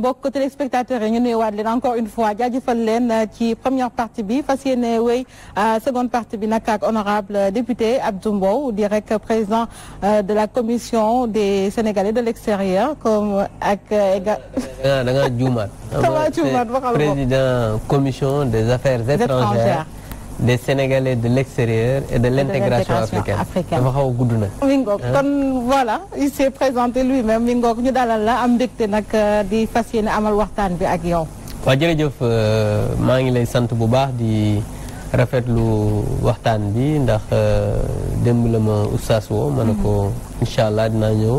mbokk téléspectateurs yi ñu nuyuwaat leen encore une fois jaajëfal leen euh, ci première partie bi fas yéene wéy euh, seconde partie bi nag ak honorable euh, député Abdou Mbow di rek président de la commission des sénégalais de l'extérieur comme ak. da ngaa juumaat. président commission des affaires étrangères. de Sénégalais de l'extérieur et de l'intégration africaine dafa xaw a gudd nag mi ngoog kon voilà il s'est présenté lui-même mi ngoog ñu dalal la am mbégte nag euh, di fas yéene amal waxtaan bi ak yow waaw jërëjëf euh, maa ngi lay sant bu baax di rafet lu waxtaan bi ndax euh, démb la ma oustaz woo ma ne mm-hmm. ko incha allah dinaa ñëw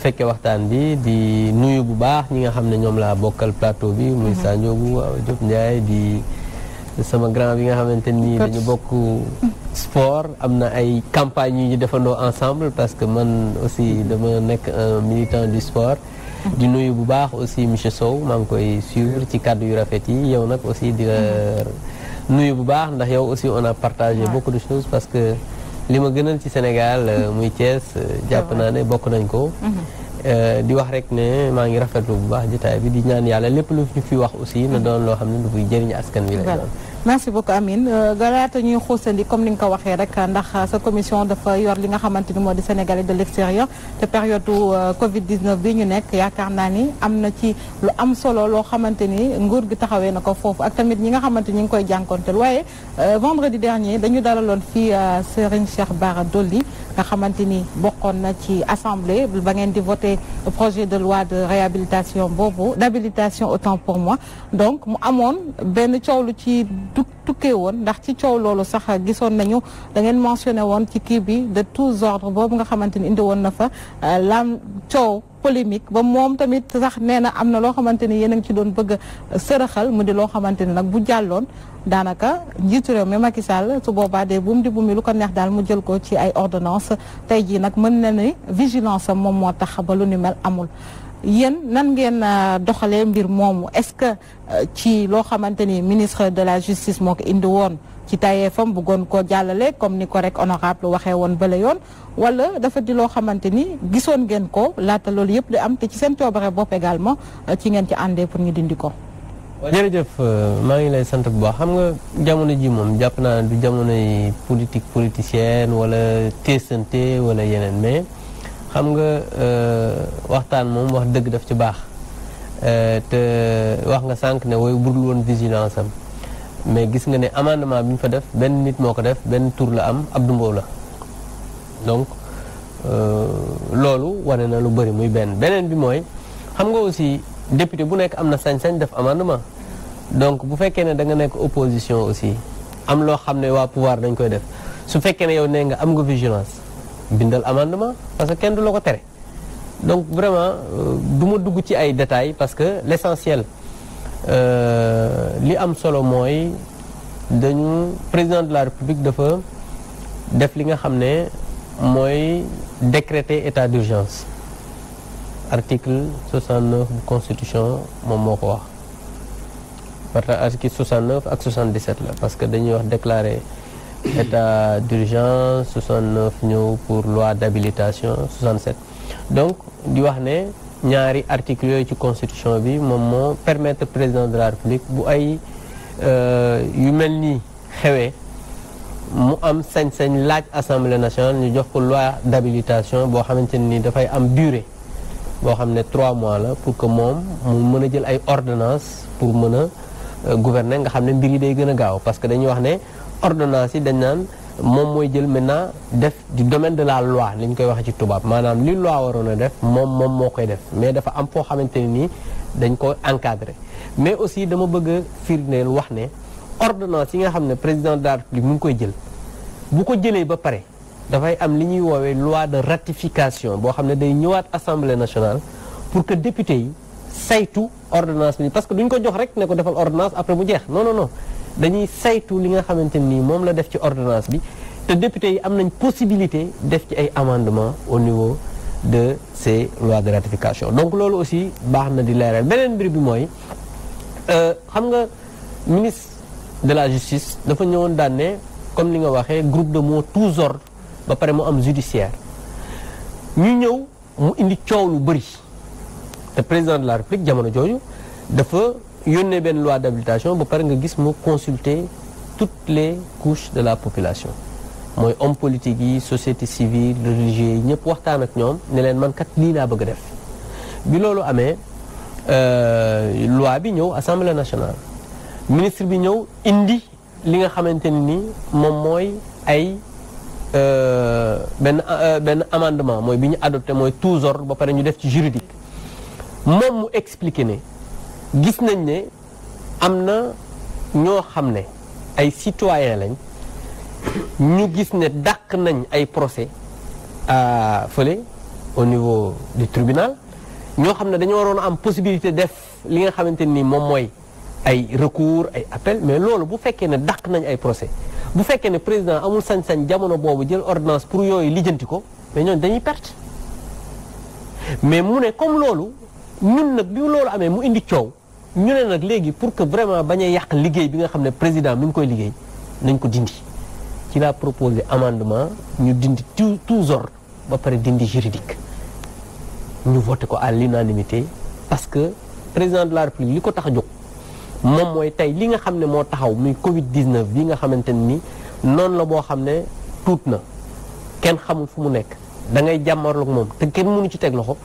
fekke waxtaan bi di nuyu bu baax ñi nga xam ne ñoom laa bokkal plateau bi muy mm-hmm. Sa Ndiogou Diop Ndiaye di sama grand bi nga xamante nii dañu bokk sport am na ay campagne yu ñu defandoo ensemble parce que man aussi dama nekk un militant du sport di nuyu bu baax aussi monsieur Sow maa ngi koy suivre ci kàddu yu rafet yi yow nag aussi di la nuyu bu baax ndax yow aussi on a partagé beaucoup de parce que li ma gënal ci Sénégal euh, muy Thiès euh, jàpp naa ne bokk nañ ko mhm. euh, di wax rek ne maa ngi rafetlu bu baax jotaay bi di ñaan yàlla lépp lu ñu fi wax aussi na mhm. doon loo xam ne lu buy jëriñ askan wi lay doon merci beaucoup Amine euh, galaata ñuy xuusandi comme ni nga ko waxee rek ndax sa commission dafa yor li nga xamante ni moo di sénégalais de l'extérieur te période euh, Covid 19 bi ñu nekk yaakaar naa ni am na ci lu am solo loo xamante ni nguur gi taxawee na ko foofu ak tamit ñi nga xamante ni ñu ngi koy jànkonteel waaye euh, vendredi dernier dañu dalaloon fii Serigne Cheikh Bara Dolly nga xamante ni bokkoon na ci assemblée ba ngeen di voté projet de loi de réhabilitation boobu d'habilitation autant pour moi donc mu amoon benn coow lu ci dugg tukkee woon ndax ci coow loolu sax gisoon nañu da ngeen mentionné woon ci kii bi de tous ordres boobu nga xamante ni indi woon na fa euh, laam coow polémique ba moom tamit sax nee na am na loo xamante ni yéen a ngi ci doon bëgg a sërëxal mu di loo xamante ni nag bu jàlloon daanaka njiitu réew mi Macky su boobaa dee bu mu di bu mi lu ko neex daal mu jël ko ci ay ordonnance tey jii nag mën na ni vigilance am moom moo tax ba lu ni mel amul yéen nan ngeen euh, doxalee mbir moomu est-ce que euh, ci loo xamante ni ministre de la justice moo ko indi woon ci mu bëggoon koo jàllale comme ni ko rek honorable waxee woon bële yoon wala dafa di loo xamante ni gisoon ngeen ko laata loolu yëpp di am te ci seen coobare bopp également euh, ci ngeen ci àndee pour ñu dindi ko. jërëjëf maa ngi lay sant bu baax xam nga jamono ji moom jàpp naa du jamonoy politique politicienne wala teesante wala yeneen xam nga euh, waxtaan moom wax dëgg def ci baax euh, te wax nga sànq ne wooyu burul woon vigilance am mais gis nga ne amendement bi ñu fa def benn nit moo ko def benn tour la am ab Mbow la donc euh, loolu wane na lu bëri muy benn beneen bi mooy xam nga aussi député bu nekk am na sañ-sañ def amendement donc bu fekkee ne da nga nekk opposition aussi am loo xam ne waa pouvoir dañ koy def su fekkee ne yow nee nga am nga vigilance bindal amendement parce que kenn du la ko tere donc vraiment euh, du ma dugg ci ay détails parce que l'essentiel euh, li am solo mooy dañu président de la république dafa def li nga xam ne mooy décréter état d'urgence article 69 bu constitution moom moo ko wax parce que article 69 ak 77 la parce que dañuy wax déclarer état d'urgence 69 ñëw pour loi d'habilitation 67 donc di wax ne ñaari articles yooyu ci constitution bi moom moo permettre président de la république bu ay euh, yu mel nii xewee mu am sañ-sañ laaj assemblée nationale ñu jox ko loi d'habilitation boo xamante ne ni dafay am dure boo xam ne trois mois la pour que moom mu mën a jël ay ordonnance pour mën a euh, gouverner nga xam ne mbir yi day gën a gaaw parce que dañu wax ne ordonnance yi dañ naan moom mooy jël maintenant def du domaine de la loi li ñu koy waxee ci tubaab maanaam li loi waroon a def moom moom moo koy def mais dafa am foo xamante ne nii dañ ko encadré mais aussi dama bëgg a firndeel wax ne ordonnance yi nga xam ne président de la république mu ngi koy jël bu ko jëlee ba pare dafay am li ñuy woowee loi de ratification boo xam ne day ñëwaat assemblée nationale pour que député yi saytu ordonnance bi parce que duñ ko jox rek ne ko defal ordonnance après mu jeex non non dañuy saytu li nga xamante nii moom la def ci ordonnance bi te député yi am nañ possibilité def ci ay amendement au niveau de ces lois de ratification donc loolu aussi baax na di leeral beneen mbir bi mooy euh, xam nga ministre de la justice dafa ñëwoon daan ne comme ni nga waxee groupe de mots tous ordres ba pare mu am judiciaire ñu ñëw mu indi coow lu bëri te président de la république jamono jooju dafa yónnee benn loi d'habilitation ba pare nga gis mu consulter toutes les couches de la population mooy homme politique yi société civile religieux yi ñëpp waxtaan ak ñoom ne leen man kat lii laa bëgg a def bi loolu amee euh, loi bi ñëw assemblée nationale ministre bi ñëw indi li nga xamante ne ni moom mooy ay euh, benn euh, benn amendement mooy bi ñu adopté mooy tous ordres ba pare ñu def ci juridique moom mu expliqué ne gis nañ ne am na ñoo xam ne ay citoyen lañ ñu gis ne dàq nañ ay procès fële au niveau du tribunal ñoo xam ne dañoo waroon am possibilité def li nga xamante ni moom mooy ay recours ay appel mais loolu bu fekkee ne dàq nañ ay procès bu fekkee ne président amul sañ-sañ jamono boobu jël ordonnance pour yooyu lijjanti ko mais ñooñu dañuy perte mais mu ne comme loolu ñun nag bi loolu amee mu indi coow ñu ne nag léegi pour que vraiment bañ yàq liggéey bi nga xam ne président mu ngi koy liggéey nañ ko dindi ci la proposé amendement ñu dindi tout tous ordres ba pare dindi juridique ñu voté ko à l'unanimité parce que président de la république li ko tax a jóg moom mooy tey li nga xam ne moo taxaw muy Covid 19 bi nga xamante ni noonu la boo xam ne tuut na kenn xamul fu mu nekk da ngay jàmmarloog moom te kenn mënu ci teg loxo.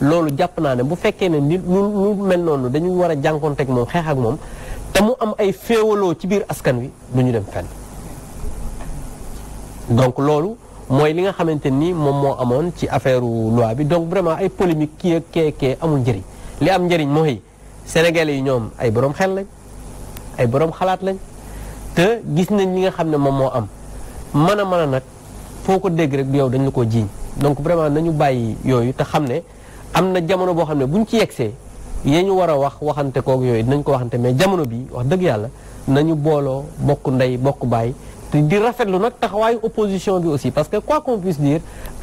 loolu jàpp naa ne bu fekkee ne ni lu lu mel noonu dañu war a jànkoon teg moom xeex ak moom te mu am ay féewaloo ci biir askan wi du ñu dem fenn donc loolu mooy li nga xamante ni moom moo amoon ci affaire loi bi donc vraiment ay polémique kii ak kee amul njëriñ li am njëriñ mooy Sénégalais yi ñoom ay borom xel lañ ay borom xalaat lañ te gis nañ li nga xam ne moom moo am mën a mën a nag foo ko dégg rek du yow dañ la ko jiiñ donc vraiment nañu bàyyi yooyu te xam ne am na jamono boo xam ne bu ñu ci yegsee yee ñu war a wax waxante kook yooyu dinañ ko waxante mais jamono bi wax dëgg yàlla na ñu booloo bokk ndey bokk baay te di rafetlu nag taxawaayu opposition bi aussi parce que quoi qu'on puisse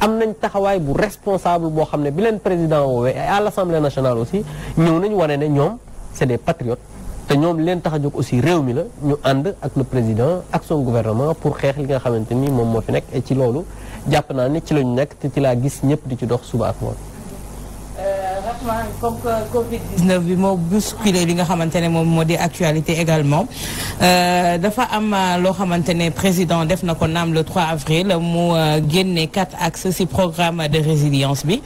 am nañ taxawaay bu responsable boo xam ne bi leen président woowe ay à l'Assemblée nationale aussi ñëw nañu wane ne ñoom c'est des patriotes te ñoom leen tax a aussi réew mi la ñu ànd ak le président ak son gouvernement pour xeex li nga xamante ni moom moo fi nekk ci loolu jàpp naa ne ci la ñu nekk ci laa gis ñëpp di ci dox suba ak moom waaw comme que Covid bi moo bousculé li nga xamante ne moom moo di actualité également euh, dafa am euh, loo xamante ne président def na ko naam le 3 avril mu euh, génne quatre axes ci programme de résilience bi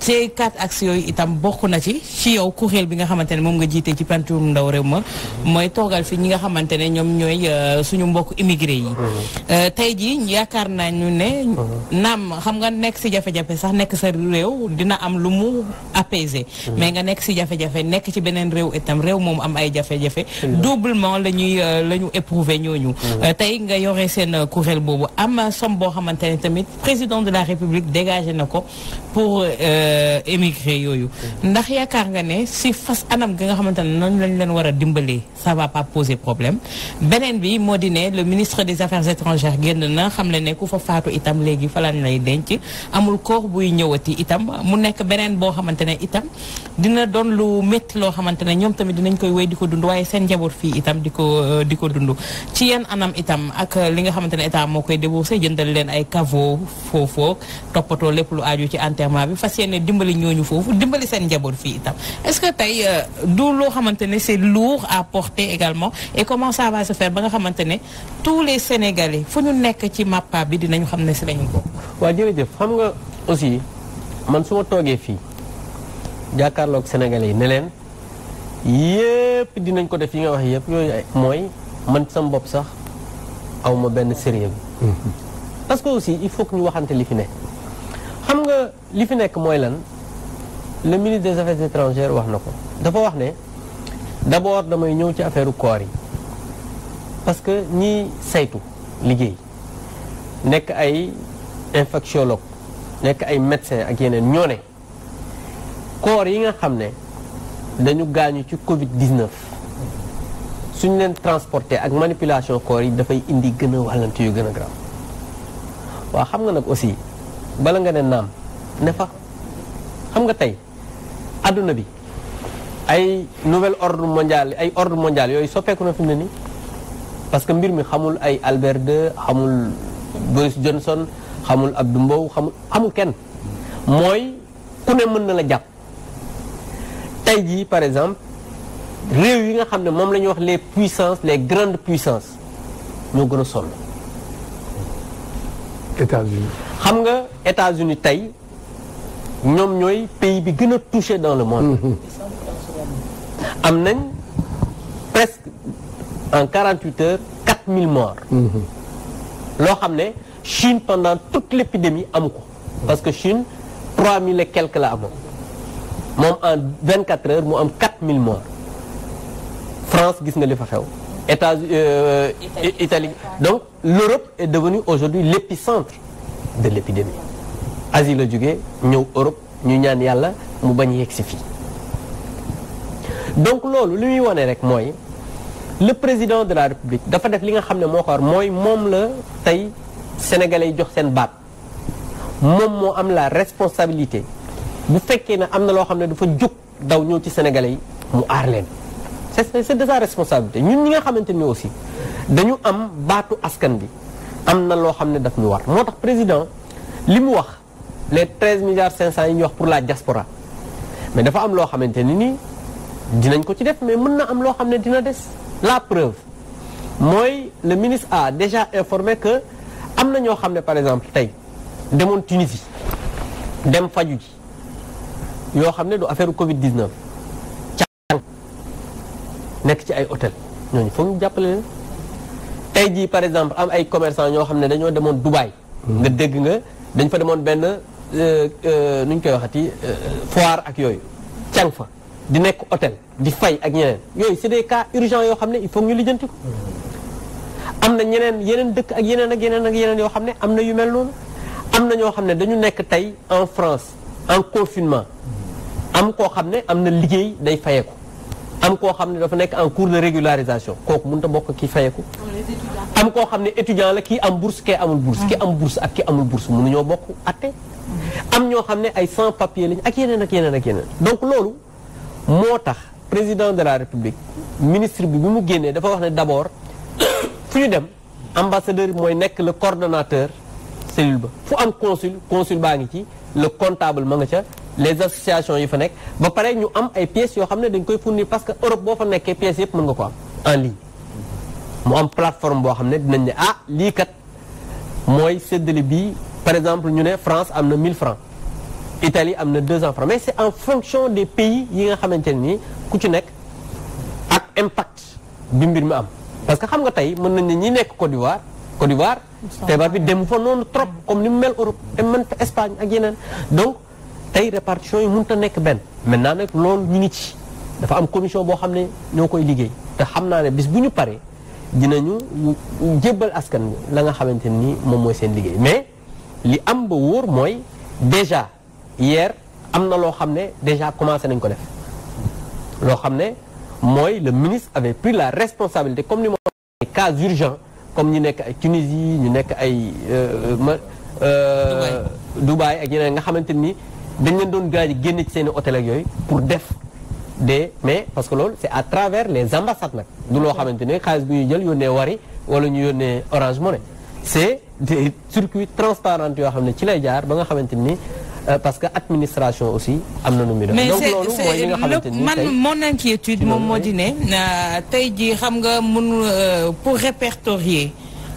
te quatre axes yooyu itam bokk na ci ci yow kuréel bi nga xamante ne moom nga jiite ci pentum ndaw réew ma mooy toogal fi ñi nga xamante ne ñoom ñooy suñu mbokk immigré yi. Mhm. tey jii yaakaar naa ne. Mhm. naam xam nga nekk ci jafe-jafe sax nekk sa réew dina am lu mu apaiser. santé mais nga nekk si jafe-jafe nekk ci beneen réew itam réew moom am ay jafe-jafe doublement la ñuy euh, la ñu éprouvé ñooñu euh, tey nga yore seen euh, kuréel boobu am somme boo xamante tamit président de la république dégagé na ko pour émigré yooyu ndax yaakaar nga ne si fas anam ga nga xamante ne noonu lañ leen war a dimbalee ça va pas poser problème beneen bi moo di ne le ministre des affaires étrangères génn na xam le ne ku fa faatu itam léegi fa lañ lay denc itam dina doon lu métti loo xamante ne ñoom tamit dinañ koy wéy di ko dund waaye seen njaboot fii itam di ko euh, di ko dund ci yenn anam itam ak euh, li nga xamante ne état moo koy déboursé jëndal leen ay caveau foofoo toppatoo lépp lu aju ci enterrement bi fas yéene dimbali ñooñu foofu dimbali seen njaboot fii itam est-ce que tey euh, du loo xamante ne c'est lourd à porter également et comment ça va se ba nga xamante ne tous les Sénégalais fu ñu nekk ci mappa bi dinañu xam ne si ko jàkkaarlook Sénégalais yi ne leen yépp dinañ ko def yi nga wax yépp yooyu mooy man sama bopp sax awma benn sérieux bi hmm. parce que aussi il faut que ñu waxante li fi ne xam nga li fi nekk mooy lan le ministre des affaires étrangères wax na ko dafa wax ne d'abord damay ñëw ci affaire koor yi parce que ñiy saytu liggéey nekk ay infectiologue nekk ay médecin ak yeneen ñoo ne corps yi nga xam ne dañu gaañu ci Covid 19 suñ leen transporter ak manipulation corps yi dafay indi gën a wàllante yu gën a grave waaw xam nga nag aussi bala nga ne naam ne fa xam nga tey adduna bi ay nouvel ordre mondiale ay ordre mondial yooyu soppeeku na fi mu ne nii parce que mbir mi xamul ay Albert II xamul Boris Johnson xamul Abdou Mbow xamul amu kenn mooy ku ne mën na la jàpp. tey jii par exemple réew yi nga xam ne moom la ñuy wax les puissances les grandes puissances ñoo gën a sonn. États-Unis xam nga États-Unis tey ñoom ñooy pays bi gën a touché dans le monde. Mm-hmm. am nañ presque en 48 heures 4000 morts. Mm-hmm. loo xam ne Chine pendant toute l' épidémie amu ko. parce que Chine 3000 et quelques la amoon. moom en 24 heures mu am 4000 morts France gis nga li fa xew états euh, Italie. Italie donc l'Europe est devenue aujourd'hui l'épicentre de l'épidémie Asie la jógee ñëw Europe ñu ñaan yàlla mu bañ yegg si fii donc loolu li muy wane rek mooy le président de la République dafa def li nga xam ne moo ko mooy moom la tey sénégalais jox seen baat moom moo am la responsabilité bu fekkee ne am na loo xam ne dafa jóg daw ñëw ci sénégalais yi mu aar leen c'est c'est de sa responsabilité ñun ñi nga xamante ni aussi dañu am baatu askan bi am na loo xam ne daf ñu war moo tax président li mu wax les 13 milliards cent yi ñuy wax pour la diaspora mais dafa am loo xamante ni nii dinañ ko ci def mais mën na am loo xam ne dina des la preuve mooy le ministre a déjà informé que am na ñoo xam ne par exemple tey demoon Tunisie dem faju ji yoo xam ne du affaire Covid 19. cànq nekk ci ay hôtel ñooñu foog ñu jàppale leen tey jii par exemple am ay commerçant ñoo xam ne dañoo demoon Dubaay. Hmm. nga dégg nga dañ fa demoon benn euh, euh, nu ñu koy waxati euh, foire ak yooyu can fa di nekk hôtel di fay ak ñeneen yooyu c'est des cas urgents yoo xam ne il faut ñu lijjanti ko. Hmm. am na ñeneen yeneen dëkk ak yeneen ak yeneen ak yeneen yoo xam ne am na yu mel noonu am na ñoo xam ne dañu nekk tey en France en confinement hmm. am koo xam ne am na liggéey day fayeeku am koo xam ne dafa nekk en cours de régularisation kooku mun a bokk kii fayeeku am koo xam ne étudiant la kii am bourse kay amul bourse ki am bourse ak ki amul bourse mënuñoo bokk atte am ñoo xam ne ay sans papier lañ ak yeneen ak yeneen ak yeneen donc loolu moo tax président de la république ministre bi bu mu génnee dafa wax ne d'abord fu ñu dem ambassadeur mooy nekk la coordonnateur cellule ba fu am consul consul baa ngi ci le comptable ma nga ca les associations yi fa nekk ba pare ñu am ay pièces yoo xam ne dañ koy fournir parce que Europe boo fa nekkee pièces yëpp mën nga ko am en ligne mu am plateforme boo xam ne dinañ ne ah lii kat mooy séddale bi par exemple ñu ne France am na 1000 francs Italie am na 200 francs mais c'est un fonction des pays yi nga xamante ne nii ku ci nekk ak impact bi mbir mi am parce que xam nga tey mën nañ ne ñi nekk Côte d'Ivoire Côte d'Ivoire feebar bi dem fa noonu trop comme ni mu mel Europe dem Espagne ak yeneen donc tey répartition yi mënut a nekk benn maintenant nag loolu ñu ngi ci dafa am commission boo xam ne ñoo koy liggéey te xam naa ne bis bu ñu paree ñu jébbal askan bi la nga xamante ni moom mooy seen liggéey mais li am ba wóor mooy déjà hier am na loo xam ne déjà commencé nañ ko def loo xam ne mooy le ministre avait pris la responsabilité comme ni mo cas urgent comme ñu nekk ay Tunisie ñu nekk ay euh, euh, Dubaï ak yeneen nga xamante ni dañ leen doon gaañ génne ci seeni i hôtel yooyu pour def de mais parce que loolu c'est à travers les ambassades nag du loo xamante ne xaalis bu ñuy jël yónnee Wari wala ñu yónnee Orange Money c'est des circuits transparents yoo xam ne ci lay jaar ba nga xamante ni euh, parce que administration aussi am na nu muy def. donc loolu mooy li xamante ni man mon inquiétude moom moo di ne euh, tey jii xam nga mun euh, pour répertorier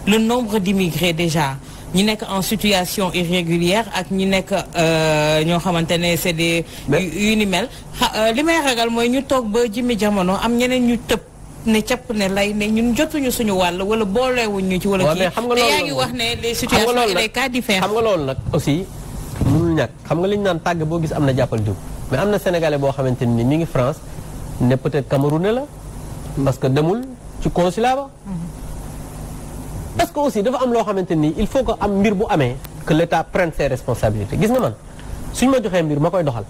le nombre d'immigrés déjà. ñi nekk en situation irrégulière ak ñi nekk euh, ñoo xamante ne c'est des yu ni mel euh, li may ragal mooy ñu toog ba jimmi jamono am ñeneen ñu tëb ne capp ne lay ne ñun jotuñu suñu wàll wala boolewuñ ñu ci wala nga te yaa ngi wax ne les situations et les cas différents xam nga loolu nag aussi mënul ñàkk xam nga li ñu naan tàgg boo gis am na jàppal jóg mais am na sénégalais boo xamante ni mi ngi France ne peut-être camerounais la parce que demul ci consulat parce que aussi dafa am loo xamante ni il faut que am mbir bu amee que l'État prenne ses responsabilités gis nga man suñ ma joxee mbir ma koy doxal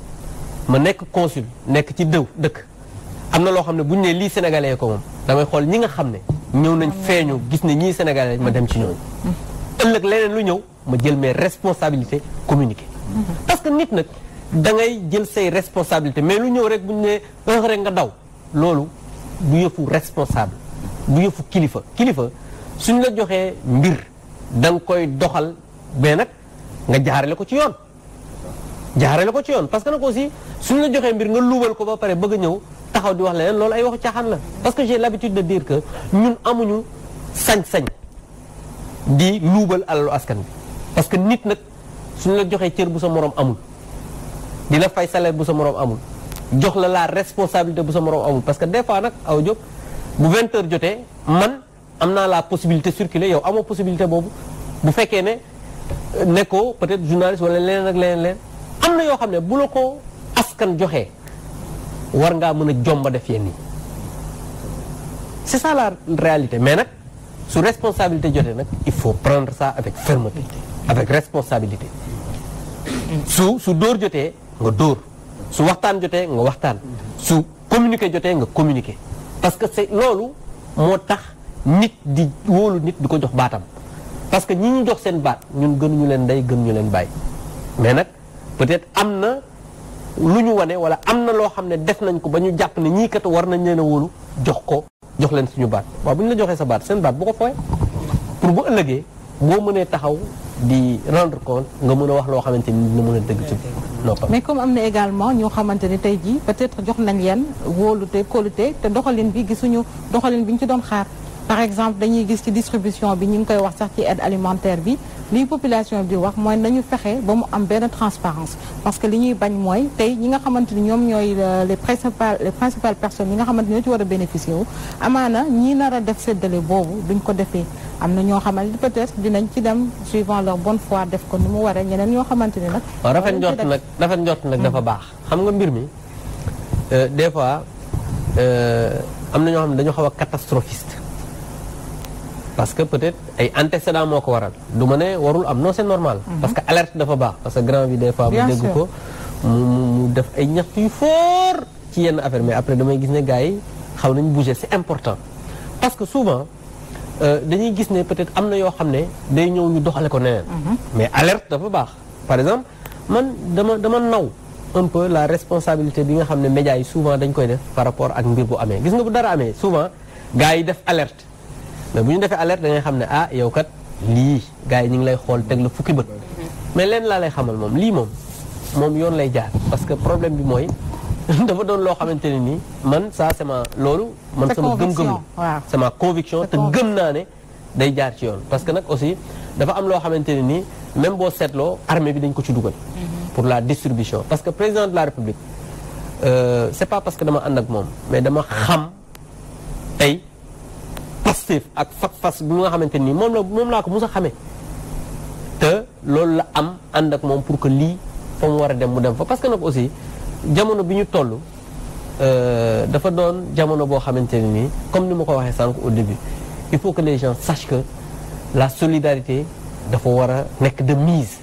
ma nekk consul nekk ci dëw dëkk am na loo xam ne bu ñu nee lii sénégalais ko moom damay xool ñi nga xam ne ñëw nañ feeñu gis ne ñii sénégalais ma dem ci ñooñu ëllëg leneen lu ñëw ma jël mes responsabilité communiquer parce que nit nag da ngay jël say responsabilité mais lu ñëw rek bu ñu nee heure rek nga daw loolu du yëfu responsable kilifa kilifa suñ la joxee mbir da nga koy doxal mais nag nga jaarale ko ci yoon jaarale ko ci yoon parce que nag aussi su ñu la joxee mbir nga luubal ko ba pare bëgg a ñëw taxaw di wax leneen loolu ay waxu caaxaan la parce que j'ai l'habitude de dire que ñun amuñu sañ-sañ di luubal alalu askan bi parce que nit nag suñ la joxee cër bu sa moroom amul dina la fay salaire bu sa moroom amul jox la la responsabilité bu sa moroom amul parce que des fois nag aw jóg bu 20 heures jotee am naa la possibilité circuler yow amoo possibilité boobu bu fekkee ne euh, nekkoo peut-être journaliste wala leneen ak leneen leneen am na yoo xam ne bu la ko askan joxee war ngaa mën a jomba def yenn yi c'est ça la réalité mais nag su responsabilité jotee nag il faut prendre sa avec fermeté avec responsabilité su su dóor jotee nga dóor su waxtaan jotee nga waxtaan su communiquer jotee nga communiqué parce que c'est loolu moo tax nit di wóolu nit di ko jox baatam parce que ñi ñu jox seen baat ñun gënuñu leen ndey gënuñu leen bàyyi mais nag peut-être am na lu ñu wane wala am na loo xam ne def nañ ko ba ñu jàpp ne ñii kat war nañ leen a wóolu jox ko jox leen suñu baat waaw bu ñu la joxee sa baat seen baat bu ko fooye pour bu ëllëgee boo mënee taxaw di rendre compte nga mën a wax loo xamante ni dina mën a dëgg ci noppam mais am na également ñoo xamante ne tey jii peut-être jox nañ leen wóolute kóolute te doxalin bi gisuñu doxalin bi ñu ci doon xaar par exemple dañuy gis ci distribution bi ñu ngi koy wax sax ci aide alimentaire bi li population bi wax mooy nañu fexe ba mu am benn transparence parce que li ñuy bañ mooy tey ñi nga xamante ni ñoom ñooy euh, les principales les principales personnes yi nga xamante ni ñoo ci war a bénéficier wu amaana ñi nar a def séddale boobu duñ ko defee am na ñoo xamante ni peut dinañ ci dem suivant leur bonne foi def ko ni mu waree ñeneen ñoo xamante ni nag rafet njort nag rafet njort nag dafa mm. baax xam nga mbir mi euh, des fois euh, am na ñoo xam ne dañoo xaw a catastrophiste parce que peut-être ay antécédents moo ko waral du ma ne warul am non c'est normal. Mhm. parce que alerte dafa baax parce que grand bi des fois. mu ko mu def ay ñaxtu yu ci yenn affaire mais après damay gis ne gars yi xaw nañu bouger c'est important parce que souvent euh, dañuy gis ne peut-être am na yoo xam ne day ñëw ñu doxale ko neneen. Mhm. mais alerte dafa baax par exemple man dama dama naw. un peu la responsabilité bi nga xam ne médias yi souvent dañ koy def par rapport ak mbir bu amee gis nga bu dara amee souvent gars yi def alerte mais bu ñu defee alerte da ngay xam ne ah yow kat lii gars yi ñu ngi lay xool teg la fukki bët mais leen laa lay xamal moom lii moom moom yoon lay jaar parce que problème bi mooy dafa doon loo xamante ne nii man saa c'est loolu man sama gëm-gëm la c'est ma conviction te gëm naa ne day jaar ci yoon parce que nag aussi dafa am loo xamante ne nii même boo seetloo armée bi dañ ko ci dugal mhm. pour la distribution parce que président de la république euh, c'est pas parce que dama ànd ak moom mais dama xam Pastef ak fas-fas mu nga xamante nii moom la moom laa ko mos a xamee te loolu la am ànd ak moom pour que lii fa mu war a dem mu dem fa parce que nag aussi jamono bi ñu toll euh, dafa doon jamono boo xamante ne nii comme ni ma ko waxee sànq au début il faut que les gens sachent que la solidarité dafa war a nekk de mise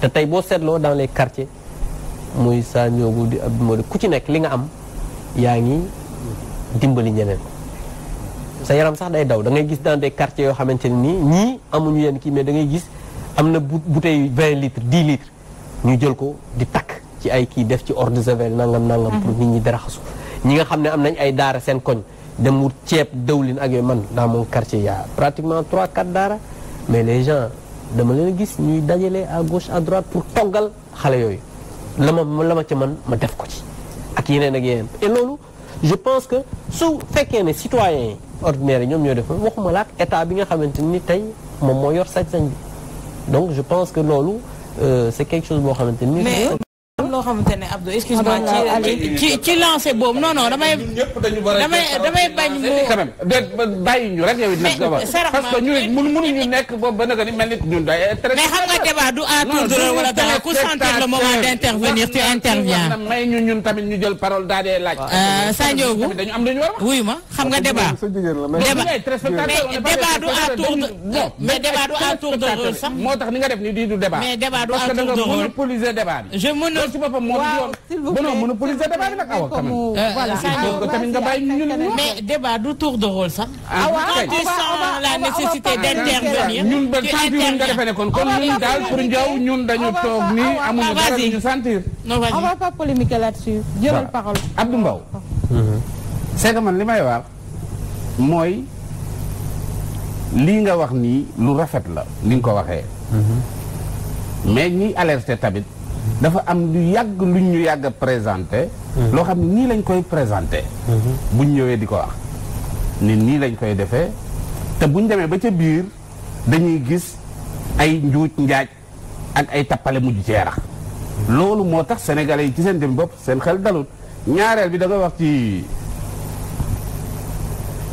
te tey boo seetloo dans les quartiers muy saa ñoobu di ab ku ci nekk li nga am yaa ngi dimbali ñeneen sa yaram sax day daw dangay gis dans des quartiers yoo xamante ne nii ñii amuñu yenn kii mais dangay gis am na bouteille vingt litres dix litres ñu jël ko di takk ci ay kii def ci eau de javel nangam nangam pour mhm. nit ñi dara xasu ñi nga xam ne am nañ ay daara seen koñ dem wut ceeb dawlin ak yooyu man dans moom quartier y pratiquement trois quatre daara mais les gens dama leen gis ñuy dajale à gauche à droite pour toggal xale yooyu la ma la ma ca man ma def ko ci ak yeneen ak yeneen je pense que su fekkee ne citoyens yi ordinaire yi ñoom ñoo def waxuma la ak état bi nga xamante ni tey moom moo yor sañ-sañ donc je pense que loolu euh, c'est quelque chose boo xamante ni. am loo xamante ne Abdou excuse-moi ah, ci ci ci lancé boobu non non damay damay damay bañ mu quand même de bàyyi ñu rek yow it nag parce que ñu mënu mënu ñu nekk ba ba nag ni mel ni ñun day débat du à tour de rôle wala dara ku sentir le moment d'intervenir tu interviens. may ñu ñun tamit ñu jël parole daal di laaj. Sa Ndiogou dañu am dañu war a wuyu ma xam nga débat. débat du à tour de mais débat du à tour de rôle sax. moo tax ni nga def du débat. de rôle parce que danga a si du tour de rôle sax. daal pour Ndiaw ñun dañu toog nii amuñu dara ñu sentir. on va pas polémiquer là-dessus. jëlal parole Abdou Mbow. Mhm. c'est que man li may wax mooy lii nga wax nii lu rafet la ni nga ko waxee. Mhm. mais ñiy alerté tamit dafa am lu yàgg luñ ñu yàgg a présenté. Mhm. loo xam ne nii lañ koy présenté. buñ ñëwee di ko wax. ni nii lañ koy defee te buñ demee ba ca biir dañuy gis. ay njuuj njaaj ak ay tappale mujj ci yarax loolu moo tax sénégalais yi ci seen dem bopp seen xel dalul ñaareel bi da wax ci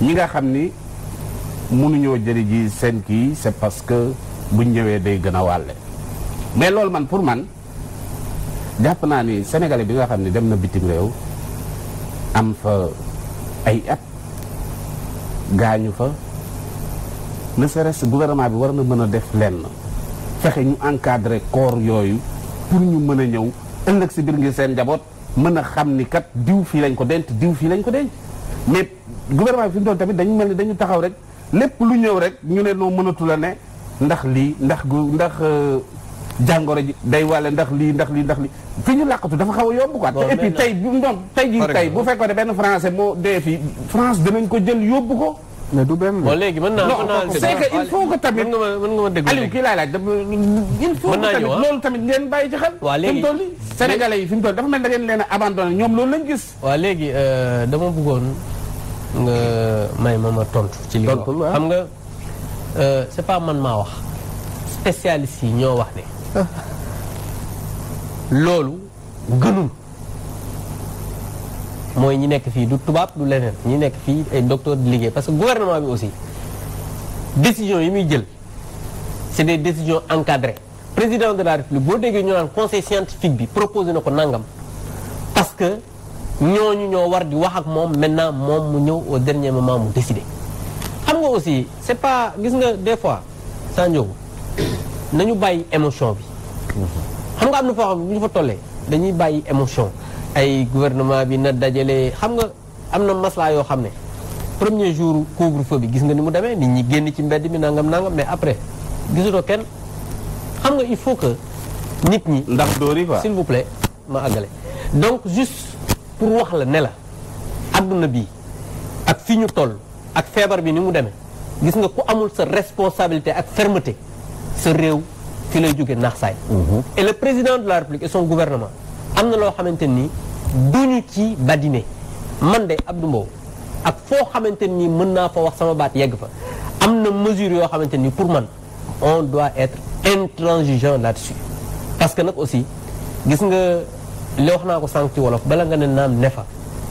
ñi nga xam ni mënuñoo jëri ji seen kii c'est parce que buñ ñëwee day gën a wàlle mais loolu man pour man jàpp naa ni sénégalais bi nga xam ni dem na bitim réew am fa ay at gaañu fa ne serait-ce gouvernement bi war na mën a def lenn fexe ñu encadrer corps yooyu pour ñu mën a ñëw ëllëg si biir ngir seen njaboot mën a xam ni kat diw fii lañ ko denc diw fii lañ ko denc mais gouvernement bi fi mu doon tamit dañu mel ni dañu taxaw rek lépp lu ñëw rek ñu ne noo mënatu la ne ndax lii ndax gu ndax euh, jàngoro ji day wàlle ndax lii ndax lii ndax lii fi ñu làqatu dafa xaw a yomb quoi et puis tey bu doon tey ji tey bu fekkoon ne benn français moo dee fii France danañ ko jël yóbbu ko mais du benn bon léegi mën naa mën naa c'est que il mën nga ma déglu Aliou kii laay laaj il faut tamit ah. loolu tamit ngeen bàyyi ci xel waaw yi fi mu toll dafa mel da ngeen leen ñoom loolu lañ gis waaw léegi euh, dama bëggoon nga may ma tontu ci li nga xam nga euh, c'est pas man maa wax spécialiste yi ñoo wax ne ah. loolu gënul mooy ñi nekk fii du tubaab du leneen ñi nekk fii ay docteur di liggéey parce que gouvernement bi aussi décision yi muy jël c'est des décision encadrées président de la république boo déggee ñu naan conseil scientifique bi proposé na ko nangam parce que ñu ñoo war di wax ak moom maintenant moom mu ñëw au dernier moment mu décider. xam nga aussi c'est pas gis nga des fois Sanjo nañu bàyyi émotion bi. xam nga am na foo xam ne bu ñu fa tollee dañuy bàyyi émotion. ay guvernement bi na dajale xam nga am na maslaa yoo xam ne premier jour couvre-feu bi gis nga ni mu demee nit ñi génn ci mbedd mi nangam nangam mais après gisutoo kenn xam nga il faut que nit ñi. ndax dóori quoi s'il vous plaît ma àggale. donc juste pour wax la ne la adduna bi ak fi ñu toll ak feebar bi ni mu demee gis nga ku amul sa responsabilité ak fermeté sa réew fi lay jóge naax saay. Mhm. et le président de la République et son gouvernement. am na loo xamante ni duñu ci badine man de Abdou Mbow ak foo xamante nii mën naa fa wax sama baat yegg fa am na mesure yoo xamante ni pour man on doit être intransigeant là-dessus parce que nag aussi gis nga li wax naa ko sànq ci wolof bala nga ne naam ne fa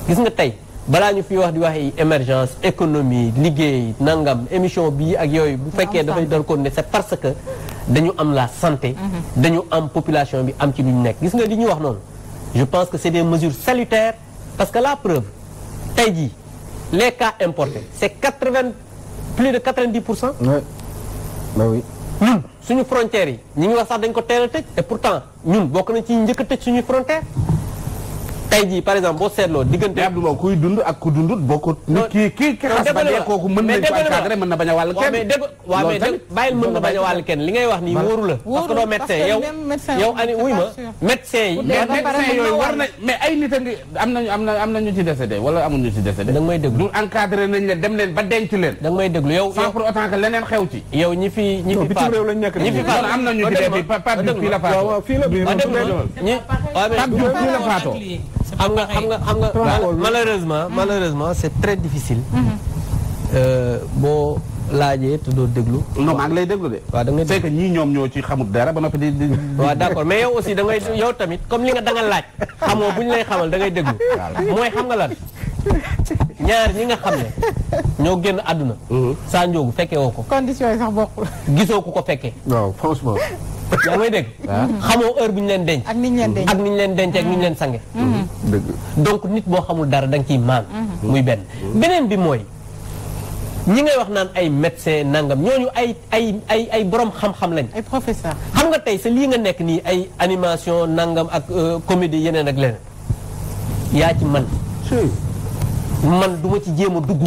gis nga tey balaa ñu fi wax di wax émergence économie liggéey nangam émission bii ak yooyu bu fekkee dafay dal ko ne c'est parce que dañu am la santé mm-hmm. dañu am population bi am ci lu ñu nekk gis nga li ñu wax noonu je pense que c'est des mesures salutaires parce que la preuve tey jii les cas importés c'est quatre-vingt plus de quatre-vingt-dix pour cent. oui bah oui. ñun suñu frontières yi ñu ngi wax sax dañ ko teel a tëj. te pourtant ñun bokk nañ ci njëkk a tëj suñuy tey jii par exemple boo seetloo diggante. mais Abdoulaye kuy dund ak ku dundut bokkut. non kii ba dee kooku li ngay wax nii wóoru la. parce mais ay nit a ngi am am na am na ñu ci décédé wala amuñu si décédé. da nga may déglu du encadré nañ leen dem leen ba denc leen. da may déglu yow sans pour leneen xew ci. yow ñi fi ñi fi faatu am nañu ci décédé Pape la faatoo. xam nga xam nga xam nga malheureusement mm-hmm. malheureusement c'est très difficile mm-hmm. euh, boo laajee te doo déglu. non maa ngi lay déglu de. waaw da ngay déglu c'est que ñii ñoom ñoo ci xamut dara ba noppi di di. waaw d'accord mais yow aussi da yow tamit comme li nga da laaj xamoo bu ñu lay xamal dangay déglu. mooy xam nga lan ñaar ñi nga xam ne ñoo génn àdduna. Mm-hmm. saa njóogu fekkee woo ko. condition yi sax bokkul. gisoo ku ko fekkee. waaw franchement. yaa may dégg. Ah. xamoo heure bu ñu leen denc. ak ni ñu leen denc ak ni ñu leen denc ak ni ñu leen sange. Mm-hmm. Mm-hmm. Mm-hmm. donc nit boo xamul dara da nga ciy maan. muy benn beneen bi mooy. ñi ngay wax naan ay médecin nangam ñooñu ay ay ay ay borom xam-xam lañ. ay xam nga tey sa lii nga nekk nii ay animation nangam ak euh, comédie yeneen ak leneen yaa ci man man du ci jéem a dugg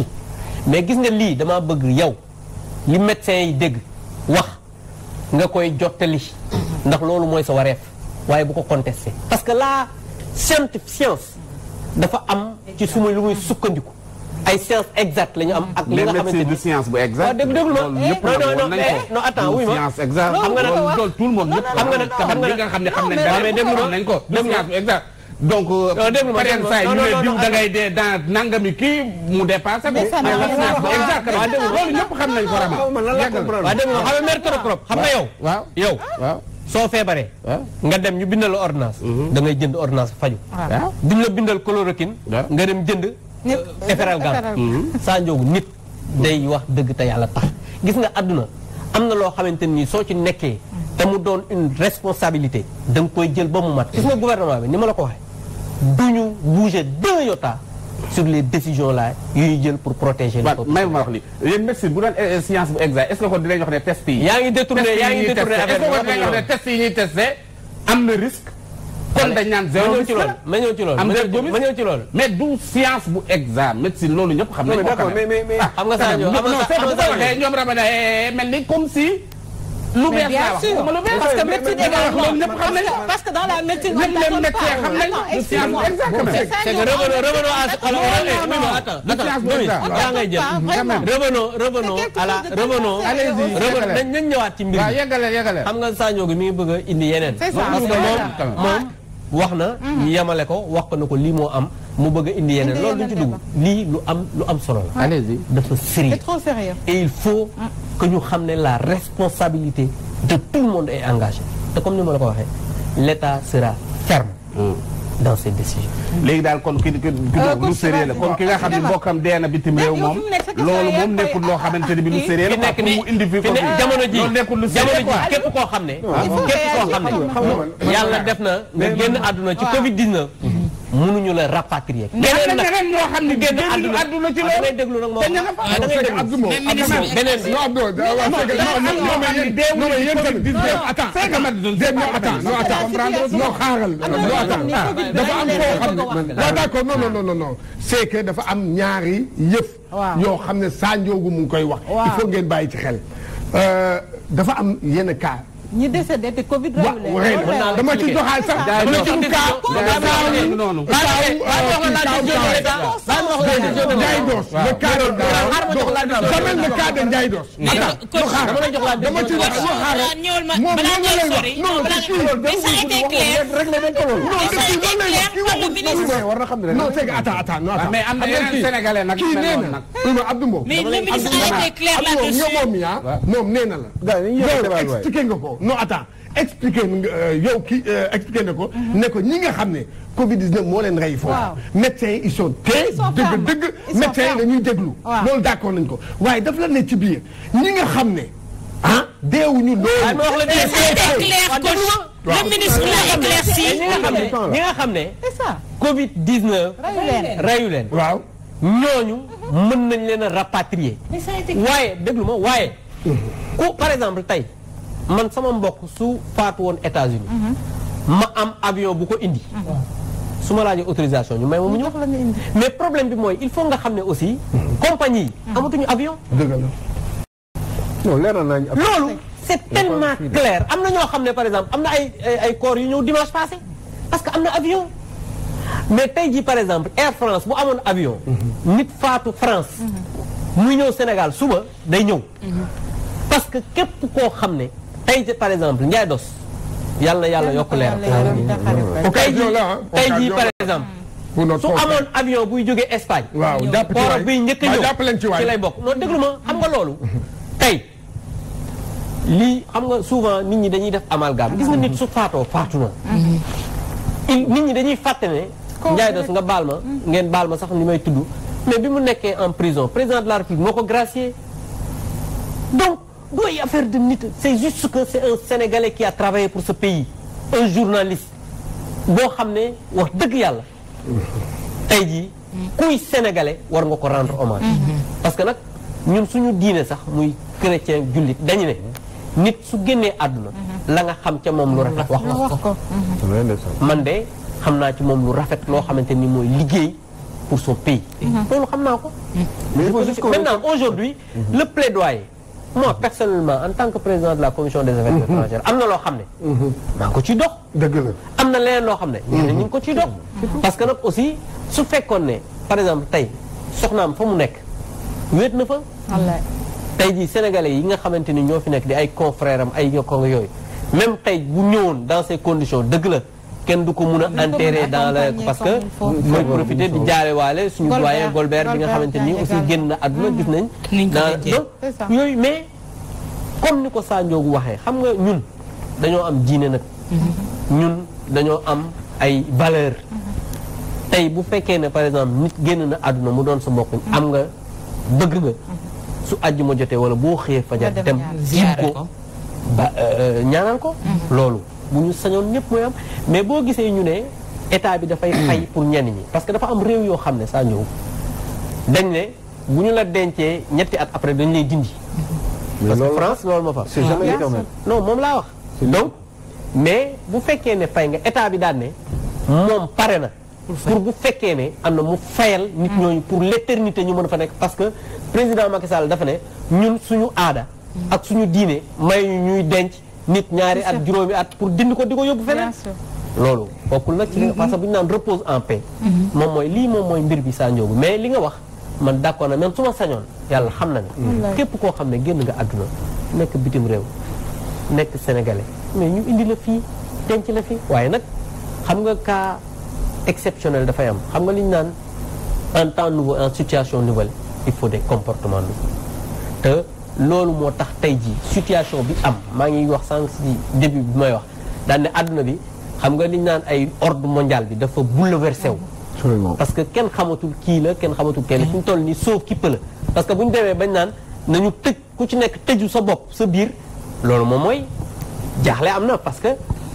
mais gis nga lii dama bëgg yow li médecin yi dégg wax nga koy jottali ndax loolu mooy sa wareef waaye bu ko contesté parce que la science dafa am ci suma lu muy sukkandiku ay science exacte la ñu am ak li nga xamante ni science bu exact dégg déglu science exacte nga loolu tout le monde ñëpp xam nga nag nañ nga nag nañ ko déglu ma donc. Euh, déglu ma déglu ma non non non da ngay dee dans nangami kii mu dépassé ko. Ah, exactement loolu ñëpp xam nañ ko vraiment. waaw déglu ma xam nga mère trop trop xam nga yow. waaw yow. waaw soo feebaree. nga dem ñu bindal la ordonnance. Mhm. da ngay jënd ordonnance faju. waaw duñ la bindal chloroquine. nga dem jënd. Efferalgan gam mhm. saa njoogu nit. day wax dëgg te yàlla tax gis nga àdduna am na loo xamante nii soo ci nekkee. te mu doon une responsabilité da nga koy jël ba mu mat gis nga gouvernement bi ni ma la ko waxee. du bouger d'un iota sur les décisions la yu ñuy pour protéger. les populations may ma wax li léegi médecine bu doon euh, science bu exact est-ce que kon dinañ wax ne test yi. yaa ngi détourné yaa test yi am na risque. kon dañ naan zéro risque la ma ñëw ci loolu ma ñëw ci loolu ma ñëw loolu. mais du science bu exact médecine loolu ñëpp xam nañ ko. mais mais mais ah, xam nga ah, saa ñoom xam nga saa ñoom ñoom eh, eh, comme si. lu bees la wax lu bees parce que médecine également parce que dans la médecine on ne donne pas xam nañ exactement c'est que revenons à revenons revenons nañ ñëwaat ci mbir xam nga Sandiogou mi ngi bëgg a indi yeneen parce que moom moom wax na mm-hmm. ñu yemale ko wax na ko lii moo am mu bëgg a indi yeneen loolu duñ ci dugg lii lu am lu am solo la. allez-y dafa sérieux. c'est trop sérieux. et il faut ah. que ñu xam ne la responsabilité de tout le monde est engagée te comme ni ma la ko waxee l'État sera ferme. Mmh. dans ses décisions. léegi daal kon ki ki euh, lu sérieux la kon ki nga xam ne mbokkam dee na bitim réew moom loolu moom nekkul loo ah, xamante ne bi lu ah, sérieux la pour mu indi fi ko fi jamono ji nekkul jamono ji képp koo xam ne képp koo xam ne yàlla def na nga génn àdduna ci Covid 19 mënuñu la rapatrier. beneen nag mais ñoo xam ne génn àdduna àdduna ci ah, loolu. déglu nag moom da ngay déglu Abdou ah, Mbow. beneen bi non Abdou non non non non c'est que dafa am ñaari yëf. yoo xam ne Sa Ndiogou mu ngi koy wax. il faut ngeen bàyyi ci xel. Euh, dafa am yenn cas ñi décédé te Covid rayu leen. dama ci doxal sax dama ci wu kaa. Ndiaye Doss. dama ci wax moom moom nee na la. moom nee na la. expliqué nga ko. non attends expliqué euh, yow kii euh, expliqué na ko. Mhm. ne ko ñi nga xam ne Covid 19 moo leen rey foofu. waaw médecins yi ils sont tey. dëgg dëgg médecins yi la ñuy déglu. loolu d'accord nañ ko waaye daf la ne ci biir ñi nga xam ne ah deewuñu loolu. Ah, waaw le ministre l'a éclairci ñi nga xam ne ñi nga xam ne. c'est ça Covid 19. reyu leen waaw. ñooñu mën nañ leen a rapatrier. waaye déglu ma waaye. Mhm. ku par exemple tey. man sama mbokk su faatu woon États-Unis ma am avion bu ko indi su ma laajee autorisation ñu may ma mu ñëw mais problème bi mooy il faut nga xam ne aussi compagnie yi mm-hmm. amatuñu avion loolu c'est tellement clair am na ñoo xam ne par exemple am na ay ay corps yu ñëw dimanche passé parce que am na avion mais tey jii par exemple Air France bu amoon avion mm-hmm. nit faatu France mm-hmm. muy ñëw Sénégal suba day ñëw parce que képp koo xam ne tey jii par exemple Ndiaye Dos yàlla na yàlla yokk leer. tey jii tey jii par exemple. su amoon avion buy jógee Espagne. waaw jàpp ci waay bi njëkk a ñëw ci lay bokk. non déglu ma xam nga loolu. tey lii xam nga souvent nit ñi dañuy def amalgame gis nga nit su faatoo faatu na. nit ñi dañuy fàtte ne. Ndiaye Dos nga baal ma. ngeen baal ma sax ni may tudd. mais bi mu nekkee en prison président la République moo ko gracier dooy affaire de nit c'est juste que c'est un Sénégalais qui a travaillé pour ce pays un journaliste boo xam ne wax dëgg yàlla tey jii kuy sénégalais war nga ko rendre hommage parce que nag ñun suñu diine sax muy chrétien jullit dañ ne nit su génnee àdduna la nga xam ca moom lu rafet wax ko man de xam naa ci moom lu rafet loo xamante ni mooy liggéey pour son pays mhm. loolu xam naa ko maintenant aujourd'hui mhm. la plaidoyer moi personnellement en tant que président de la commission des affaires mhm. étrangères am na loo xam ne mhm. maa ko ciy dox dëgg la am na leneen loo xam ne ñeneen ñu ngi ko ci dox mhm. parce que nag aussi su fekkoon ne par exemple tey soxnaam fa mu nekk wéet na fa tey jii sénégalais yi nga xamante ni ñoo fi nekk di ay confrères am ay yokkonga yooyu même tey bu ñëwoon dans ces conditions dëgg la kenn du ko mun a enterrer dans le parce que mooy profité di jaarewaale suñu doyen Golbert bi nga xamante ni aussi génn na àdduna gis nañ donc yooyu mais comme ni ko Sandiogou waxee xam nga ñun dañoo am diine nag mhm. dañoo am ay valeur mhm. tey bu fekkee ne par exemple nit génn na àdduna mu doon sa mbokk mhm. am nga bëgg nga su àjjuma jotee wala boo xëyee fajar dem siib ko euh, ñaanal ko loolu bu ñu sañoon ñëpp mooy am mais boo gisee ñu ne état bi dafay fay pour ñenn ñi parce que dafa am réew yoo xam ne saa ñëw dañ ne bu ñu la dencee ñetti at après dañ lay dindi parce que France loolu ma fa ah, non moom laa wax donc mais bu fekkee ne fay nga état bi daan ne moom pare na pour bu fekkee ne am na mu fayal nit mm. ñooñu pour l'éternité ñu mën a fa nekk parce que président Macky Sall dafa ne ñun suñu aada ak suñu diine may ñuy denc nit ñaari at juróomi at pour dind ko di ko yóbbu feneen loolu bokkul nag ci mm-hmm. parce que bu ñu naan repose en paix mm-hmm. moom mooy lii moom mooy mbir bi saa njóobu mais li nga wax man d'accord na même su ma sañoon yàlla xam na ne mm-hmm. képp koo xam ne génn nga àdduna nekk bitim réew nekk sénégalais mais ñu indi la fii denc la fii waaye nag xam nga cas exceptionnel dafay am xam nga li ñu naan en temps nouveau en situation nouvelle il faut de comportement nouveaux loolu moo tax tey jii situation bi am maa ngi wax sànq si début bi may wax daan àdduna bi xam nga liñ naan ay ordre mondial bi dafa bouleversé wu. parce que kenn xamatul kii la kenn xamatul kenn fi toll nii sauf kipp la. parce que bu demee bañ naan nañu tëj ku ci nekk tëju sa bopp sa biir loolu moom mooy jaaxle am na parce que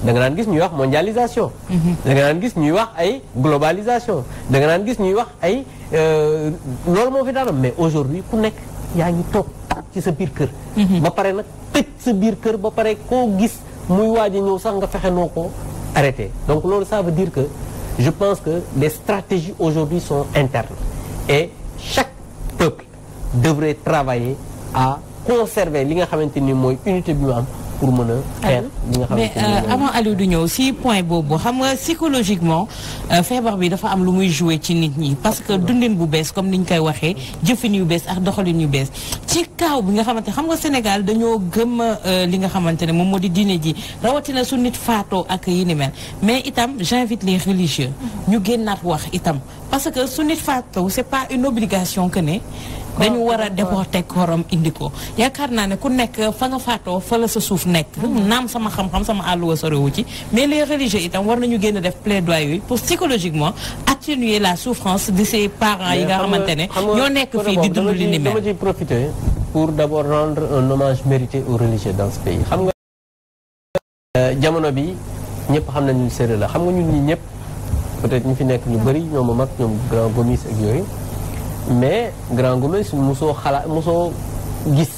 da nga naan gis ñuy wax mondialisation. Mhm. da nga naan gis ñuy wax ay globalisation da nga naan gis ñuy wax ay euh, loolu moo fi dara mais aujourd'hui ku nekk yaa ngi toog. ci sa biir kër mhm. ba pare nag tëj sa biir kër ba pare koo gis muy waaj a ñëw sax nga fexe noo ko arrêté donc loolu ça veut dire que je pense que les stratégies aujourd'hui sont internes et chaque peuple devrait travailler à conserver li nga xamante ni mooy unité bi pour mën a xeex li xam mais euh, avant Aliou du ñëw si point boobu xam nga psychologiquement euh, feebar bi dafa am lu muy jouer ci nit ñi parce que dundin bu bees comme ni ñu koy waxee jëfin yu bees ak doxalin yu bees ci kaaw bi nga xamante xam nga Sénégal dañoo gëm euh, li nga xamante ne moom moo di dine ji rawatina su nit faatoo ak yi ni mel mais itam j'invite les religieux ñu génnaat wax itam parce que su nit faatoo c'est pas une obligation que ne dañu war a déporté korom indi ko yaakaar naa ne ku nekk fa nga faatoo fa la sa suuf nekk hmm. naam sama xam-xam sama àlluwa sorewu ci mais les religieux itam war na nañu génn def plaidoyer yooyu pour psychologiquement atténuer la souffrance di ces parents yi nga xamante ne ñoo nekk fii di dund li ni mel dama pour d'abord rendre un hommage mérité aux religieux dans ce pays xam nga euh, jamono bi ñëpp xam nañu séeréer la xam nga ñu ñi ñëpp peut-être ñu fi nekk ñu bëri ñoom mag ñoom grand ak yooyu mais Grand Goulin si mosoo xalaat mosoo gis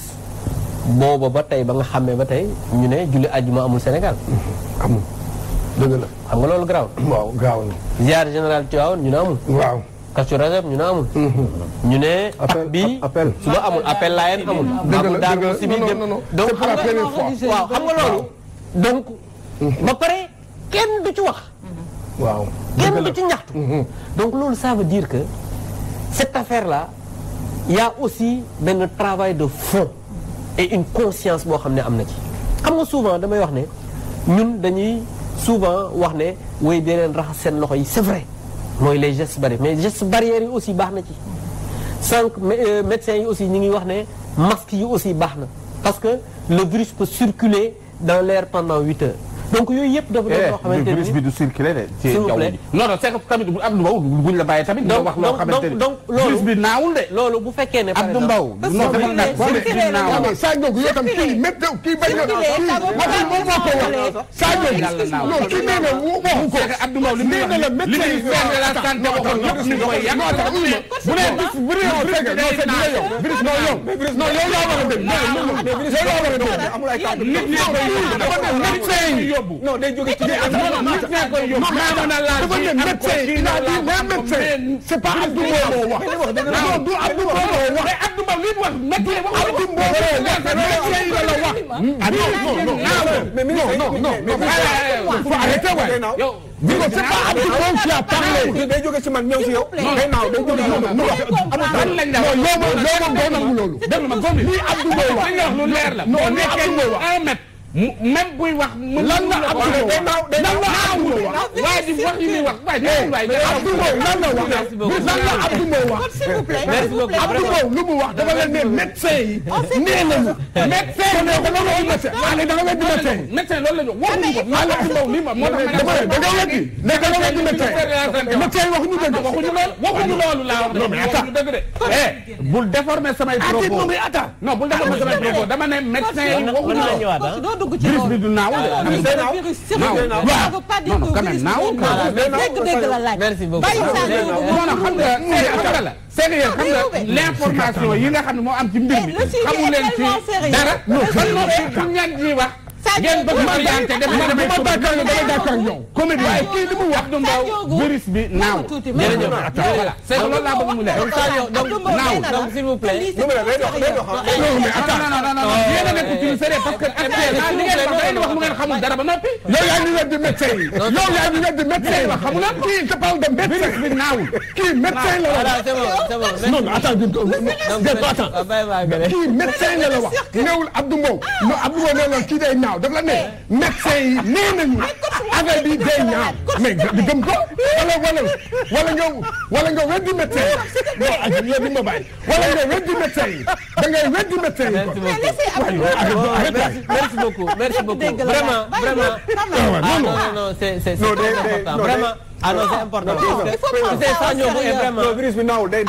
booba ba tey ba nga xàmmee ba tey ñu ne julli àjjuma amul Sénégal. Mm-hmm. amul dëgg xam nga loolu garaaw. waaw garaaw na. ziar ñu ne amul. waaw Kazu Rajab ñu mm-hmm. ñu ne. appel bi suba amul appel laayeen amul. dëgg la dëgg la non non non donc xam nga loolu. donc. Mm-hmm. ba pare kenn du ci wax. waaw kenn du ci ñaxtu. donc loolu ça veut que. cette affaire la il aussi benn travail de fond et une conscience boo xam ne am na ci xam nga souvent damay wax ne ñun dañuy souvent wax ne way dee leen raxas seen loxo yi c'est vrai mooy les gestes barrières mais gestes barrières yi aussi baax na ci sànq euh, médecins yi aussi ñu ngi wax ne masques yi aussi baax na parce que le virus peut circuler dans l'air pendant huit heures donc yooyu yëpp dafa doon loo xamante ni virus bi du circulé de. ci jaww ji non non c'est que tamit Abdou Mbow buñ la bàyyee tamit. nga wax loo xamante ni virus bi naawul de. loolu bu fekkee ne par exemple Abdou Mbow. parce que bu ñu nee naawul Sadio Gueye tam kii même kii bañ na. circulé taw non kii nee na waxu ko. Abdou Mbow li mu wax li muy fexe la santé waxoon ñëpp ñu koy yàq. bu dee bu dee yow fekk non c'est dina yow. virus non yow non yow yaa war a dégg. non non non virus yow yaa war a dégg. amul ay kàddu nit ñi yóbbu. non day jóge ci yéen non non nit koy yóbbu. maanaam dafa ne médecin il a dit mais médecin. c'est pas Abdou Mbow wax. non du Abdou Mbow wax. mais Abdou Mbow li wax médecin wax. Abdou Mbow wax médecin la la wax. ah non non non non non non faut arrêter waay. di ko c'est pas Abdou Mbow qui a parlé. day jóge si man ñëw si yow. day naaw day jóge si man mu wax. amul lan la wax non loolu loolu loolu. dégg nga ma góob li Abdou Mbow wax. non li Abdou Mbow wax. même buy wax. mën lan la am day naaw waaye di wax yi muy wax waaye di wax eh, lan la wax lan la Abdou Mbow wax. Abdou Mbow lu mu wax dafa leen oh, ne médecin yi. nee nañu. médecin yi da nga weddi médecin waaye da nga weddi médecin. médecin loolu la ñu wax waruñu ko maa la Abdou Mbow lii ma moo tax ma ne. dama ne da nga weddi. ne da nga weddi médecin. médecin yi waxuñu dëgg ah, waxuñu loolu. waxuñu loolu laa wax dëgg de. eh bul déformer samay ah, propos non non bul déformer samay propos dama ne médecin yi waxuñu loo virus bi du naaw de. Ah, naaw non non quand même naaw. dégg-dégg la laaj. merci beaucoup non non xam nga la. seen yéen xam nga l' information yi nga xam ne moo am ci mbir mi xamu leen ci dara. non non ñan ñi wax. ngeen bëgg ma daan te dama damay d'accord yow. comédie waaye kii li mu wax du ndaw virus bi naaw. jërëjëf voilà c'est loolu laa bëgg mu leer. donc naaw donc s'il vous plaît. non mais attends non non non yéen a nekk ci lu sérieux parce que actuellement li ngeen wax da ngeen wax mu ngeen xamul dara ba noppi. yow yaa ngi weddi médecin yi. yow yaa ngi weddi médecin yi wax xamu na kii te parle de médecin. virus bi naawul kii médecin la la wax. non non attends kii médecin la la wax. newul Abdou Mbow. non Abdou Mbow nee na kii day naaw ñaaw daf la ne médecin yi nee nañu affaire bi day ñaaw mais di gëm ko wala wala wala nga wala nga weddi médecin yi ak yow di ma bàyyi wala nga weddi médecin yi da ngay weddi médecin yi kon oh, merci beaucoup merci beaucoup vraiment vraiment ah, non non non c'est c'est important vraiment ah non c'est important. non il faut prendre ça au sérieux vraiment. non virus bi naawul day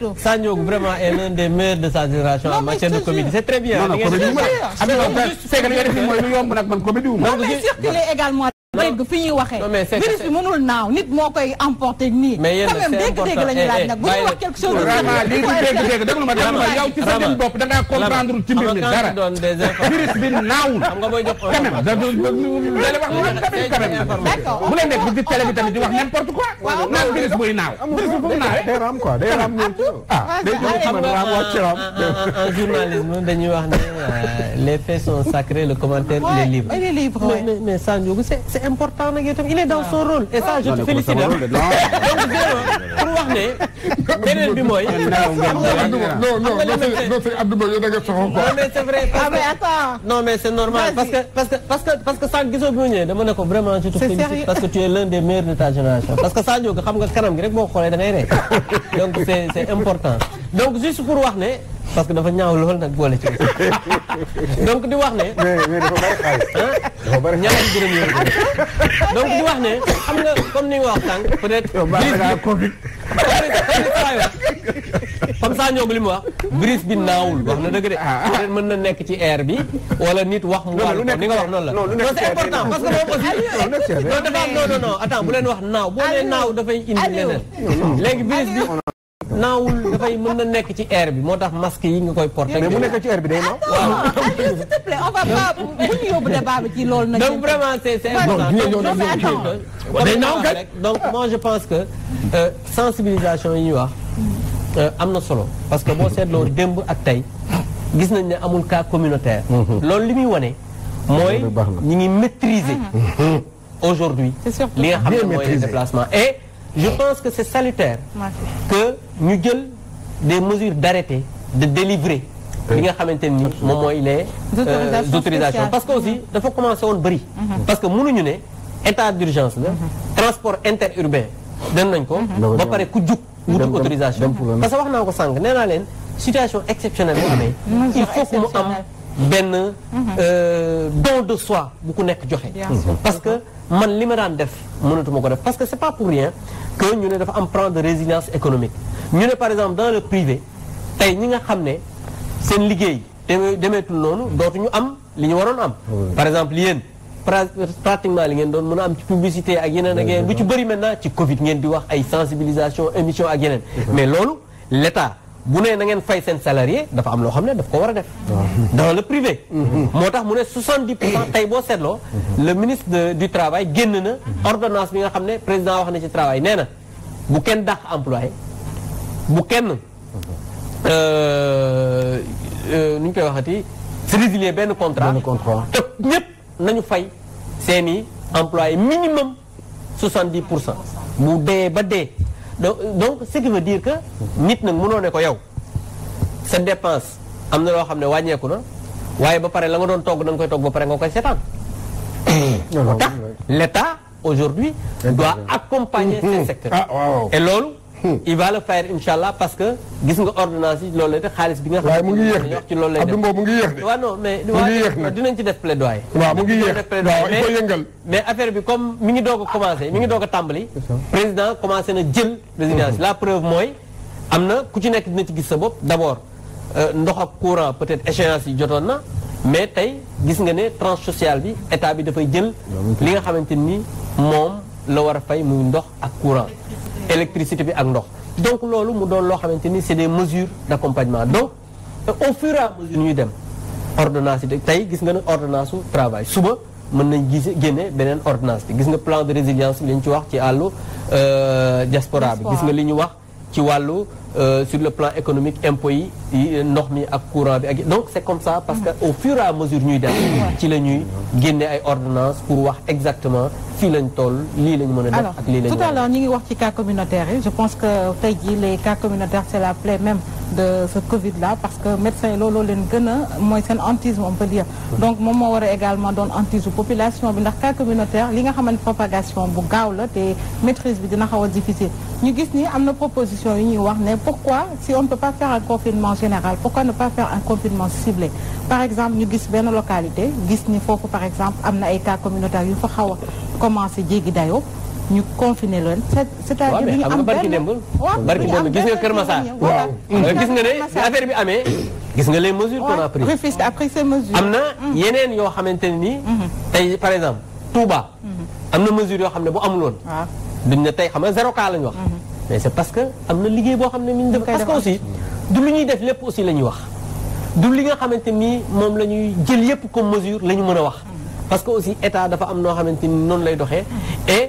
dox. Sango vraiment est l'un des meilleurs de sa génération en matière de comédie c'est très bien. non non comédie wu ma la. am na loo xam ne c'est que li nga def nii mooy lu yomb nag man comédie wu ma. donc dégg fi ñuy waxee virus bi mënul naaw nit moo koy emporter nii quand même dégg-dégg la ñuy laaj nag bu ñu wax quelque chose vraiment lii du dégg-dégg déglu ma dama yow ci sa dem bopp da ngaa comprendre ci mbir mi dara virus bi naawul quand même da leen wax lu tamit quand même bu leen nekk bu di télé bi tamit di wax n'importe quoi naan virus buy naaw virus bu naaw day raam quoi day raam ah day xam nga raam wàcc raam en journalisme dañuy wax ne les faits sont sacrés le commentaire il est libre mais mais Sandiogou c'est c'est important nag yow tamit il est dans son rôle. et ça je te félicite pour wax ne. beneen bi mooy. non non mais c'est vrai ah, non mais c'est normal parce que parce que parce que parce que sànq gisoo bi mu ñëwee dama ko vraiment. je te félicite parce que tu es l'un des meilleurs de ta parce que Sadio xam nga kanam gi rek boo xoolee donc c'est important donc juste pour wax ne. parce que dafa ñaaw lool nag boole ci donc wax ne. mais mais dafa bari xaalis. dafa di wax ne xam nga comme ni nga wax sànq peut être. yow baax na Covid. comme mu wax. brise bi naawul wax na dëgg de. Ah. mën na nekk ci air bi. wala nit wax mu wàllu ni nga wax noon la. non c'est important parce que moom aussi. non dafa am non non non bu leen wax naaw boo nee naaw dafay indi leneen. léegi brise bi. naawul dafay mën na nekk ci air bi moo tax masque yi nga koy porté. mais bu nekk ci air bi day naaw. waaw s'il te plaît on va pas bu ñu yóbbu débat bi ci loolu. nag donc vraiment c' est important donc moi je pense que euh, sensibilisation yi ñuy wax euh, am na solo parce que boo seetloo démb ak tey gis nañ ne amul cas communautaire. Mhm. loolu li muy wane. mooy ñi ngi maîtriser. Mhm. aujourd'hui li nga xam ne mooy les déplacements et je pense que c'est salutaire que ñu jël des mesures d'arrêté de délivrer li nga xamante ni moom mooy les euh, autorisations parce que aussi dafa commencé woon bëri mm-hmm. parce que mënuñu ne état d'urgence la mm-hmm. transport interurbain dem nañ ko mm-hmm. ba pare ku jug wuti autorisation parce que wax naa ko sànq nee naa leen situation exceptionnelle bu amee il faut que mu am benn euh, don de soi bu ku nekk joxe man li ma daan def mënatuma ko def parce que c'est pas pour rien que ñu ne dafa am plan de résilience économique ñu ne par exemple dans le privé tey ñi nga xam ne seen liggéey demee demeetul noonu dootuñu am li ñu waroon am par exemple yéen pratiquement li ngeen doon mën a am ci publicité ak yeneen ak yeneen lu ci bëri maintenant ci Covid ngeen di wax ay sensibilisation émission ak yeneen mais loolu l'État bu ne nangeen fay seen salarié dafa am loo xam ne daf ko war a def dans le privé moo tax mu ne 70 pour cent tey boo seetloo le ministre du travaay génn na ordonnance bi nga xam ne président wax na ci travail nee na bu kenn dàq employé bu kenn euh, euh, nu ñu koy waxati se résilier benn contrat te ñépp nañu fay seen i employé minimum 70 pour cent bu dee ba dee donc donc ce qui veut dire que. nit nag mënoo ne ko yow sa dépense am na loo xam ne wàññeeku na waaye ba pare la nga doon togg da koy toog ba pare nga koy seetaan. moo tax l'État aujourd'hui doit accompagner ces mm-hmm. secteurs. Ah, et loolu. Hmm. il va le faire allah parce que gis nga ordonnance yi loolu lay def xaalis bi nga. xam ne wax ci loolu lay def def plaidoyer. mais affaire bi comme mi ngi doog a ngi doog a tàmbali. président na jël. résidence mm-hmm. la preuve mooy am na ku ci nekk dina ci gis sa bopp d' abord euh, ndox ak courant peut-être échéance yi jotoon na mais tey gis nga ne tranche sociale bi état bi dafay jël. li nga xamante ni moom la war a fay muy ndox ak courant. électricité bi ak ndox donc loolu mu doon loo xamante ni c'est des mesures d'accompagnement donc au fur et à ñuy dem ordinance yi tey gis nga ne ordinance su suba mën nañ gis génne beneen ordinance bi gis nga plan de résilience bi li ci wax ci àllu euh, diaspora bi gis nga li ñu wax ci wàllu Euh, sur le plan économique euh, donc c'est comme ça parce que au fur et mesure ñuy dem ci la ñuy génne ay ordonnance pour wax exactement fii lañ toll lii lañ mën a def lañ tout à l'heure ñi ngi wax ci cas communautaire yi je pense que tey jii les cas communautaires c'est la plaie même de ce Covid là parce que médecin looloo leen gën a mooy seen antisme on peut dire donc moom moo war a également doon antisme population bi ndax cas communautaire li nga xamante propagation xaw a difficile ñu pourquoi si on ne peut pas faire un confinement général pourquoi ne pas faire un confinement ciblé par exemple ñu gis benn localité gis ni foofu par exemple am na ay cas communautaires yu fa xaw a commencé jéggi dayoo ñu confiné leen. c'est-à-dire ñu am benn waaw barki démb gis nga Kër Massar. waaw gis nga bi amee. gis nga leen mesures qu'on a prises. Rufisque après ces am na mm. yeneen yoo xamante ne nii. Mm-hmm. tey par exemple Touba. Mm-hmm. am na mesures yoo xam ne bu amul woon. waaw duñ ne tey xam nga zéro cas lañ wax. Mm-hmm. mais c'est parce que am na liggéey boo xam ne mi ñu def parce que aussi du lu ñuy def lépp aussi lañuy wax du li nga xamante ni moom la ñuy jël yépp comme mesure la ñu mën a wax parce que aussi état dafa am noo xamante ni noonu lay doxee e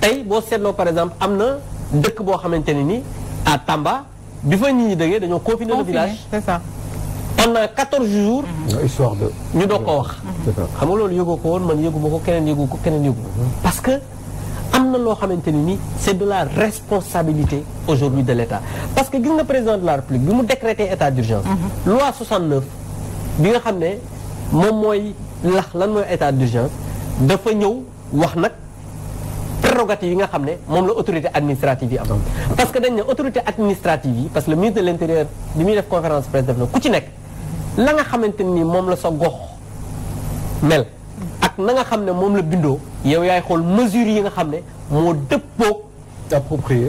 tey boo seetloo par exemple am na dëkk boo xamante ne ni à Tamba bi fa nit ñi dëggee dañoo confiner le village c'est ça pendant 14 jours mm-hmm. histoire de ñu doog ko wax mm-hmm. xam nga loolu yëgoo ko woon man yëgu ma ko keneen yëgu ko keneen yëgu mm-hmm. am na loo xamante ni ni c'est de la responsabilité aujourd'hui de l'État parce que gis nga président de la République bi mu décrété état d'urgence mhm. loi 69 bi nga xam ne moom mooy lax lan mooy état d'urgence dafa ñëw wax nag prérogative yi nga xam ne moom la autorité administrative yi am parce que dañ ne autorité administrative yi parce que le ministre de l'intérieur bi muy def conférence presse def na ku ci nekk la nga xamante ni moom la sa gox mel ak na nga xam ne moom la bindoo yow yaay xool mesure yi nga xam ne moo dëppoo approprié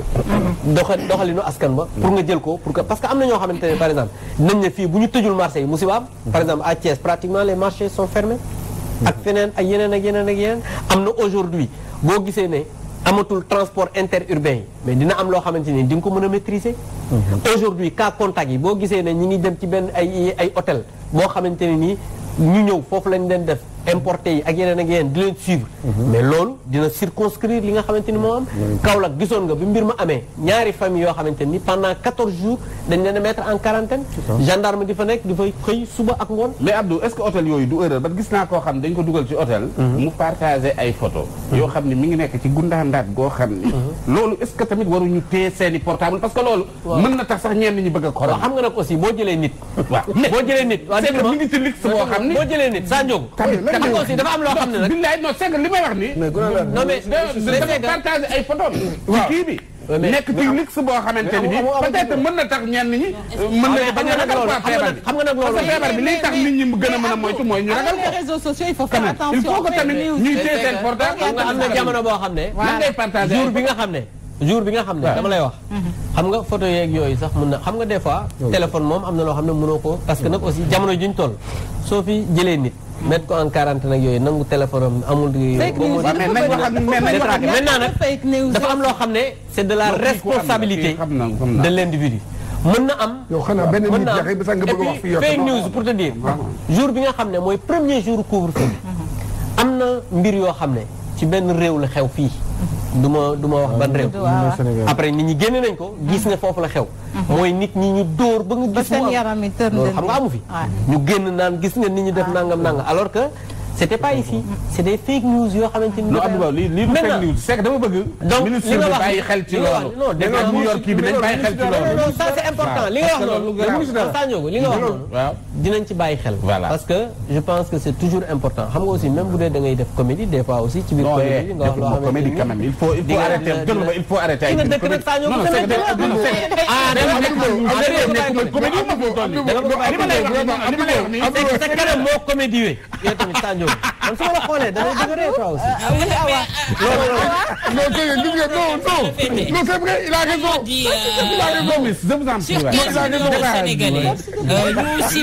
doxa doxalinu askan ba pour nga jël ko pour que parce que am na ñoo xamante ne par exemple nañ ne fii bu ñu tëjul marché yi musiba am par exemple à Thiès pratiquement les marchés sont fermés ak feneen ak yeneen ak yeneen ak yeneen am na aujourd'hui boo gisee ne amatul transport interurbain yi mais dina am loo xamante ni di nga ko mën a maîtriser aujourd'hui cas contact yi boo gisee ne ñi ngi dem ci benn ay ay hôtel boo xamante ne nii ñu ñëw foofu lañ leen def importé yi ak yeneen ak yeneen di leen suivre. Mhm. mais loolu dina circonscrire li nga xamante ni moo am. Mhm. Mhm. Kaolack gisoon nga bi mbir ma amee ñaari famille yoo xamante ni pendant 14 jours dañ leen a mettre en quarantaine gendarme di fa nekk di fay xëy suba ak ngoon. mais Abdou est-ce yooyu du erreur ba gis naa koo xam dañ ko dugal ci hôtel. mu yoo xam ne mi ngi nekk ci gundaandaat goo xam ne. loolu est tamit waruñu téye portable parce que loolu. mën na tax sax ñenn ñi bëgg a korom. xam nga nag aussi boo jëlee nit. waaw boo jëlee nit. xam aussi dafa am loo xam ne nag. billaay non c'est que li may wax nii. mais non mais dafa partagé ay photos bi kii bi. nekk ci luxe boo xamante ni bi peut-être mën na tax ñenn ñi. mën na ah, bañ a ragal quoi feebar bi xam nga nag loolu parce que feebar bi liy tax nit ñi gën a mën a moytu mooy ñu ragal ko. réseaux sociaux il faut faire attention il faut que tamit ñuy téye seen portable. xam nga am na jamono boo xam ne. waaw ngay partagé jour bi nga xam ne. jour bi nga xam ne dama lay wax. xam nga photo yeeg yooyu sax mën na xam nga des fois. téléphone moom am na loo xam ne mënoo ko. parce que nag aussi jamono juñ toll soo fi jëlee nit mettre ko en quarantaine nag yooyu nangu téléphone am amul. fake news maintenant nag dafa am loo xam ne c'est de la responsabilité de l'individu. mën na am yow xanaa benn nit jaxe a wax fi fake news pour te dire jour bi nga xam ne mooy premier jour couvre-feu mhm. am na mbir yoo xam ne. ci benn réew la xew fii du ma du ma wax ban réew après nit ñi génne nañ ko gis ne foofu la xew mhm. mooy nit ñi ñu dóor ba nga gis mu am loolu xam nga amu fi ñu génn naan gis nga nit ñi def ah. nangam nangam alors que c'était pas ici c'est des fake news yoo xamante ni. maintenant lii lii du fake news c'est que dama bëgg. donc li nga wax bàyyi xel ci loolu. dégg nga New York bi dañ bàyyi xel ci loolu. non ça c'est important li nga wax noonu. waaw li nga wax noonu. waaw dinañ ci bàyyi xel. voilà parce que je pense que c'est toujours important xam nga aussi même bu dee da ngay def comédie des fois aussi. ci biir comédie nga wax loo xamante ni quand même il faut il faut arrêter jël ma il faut arrêter. ay dëkk nag saa ñoo ko demee ci loolu. non c'est que ah dama ñëw man a ma la xoolee da nga ree toi aussi. non a raison. il a raison je vous en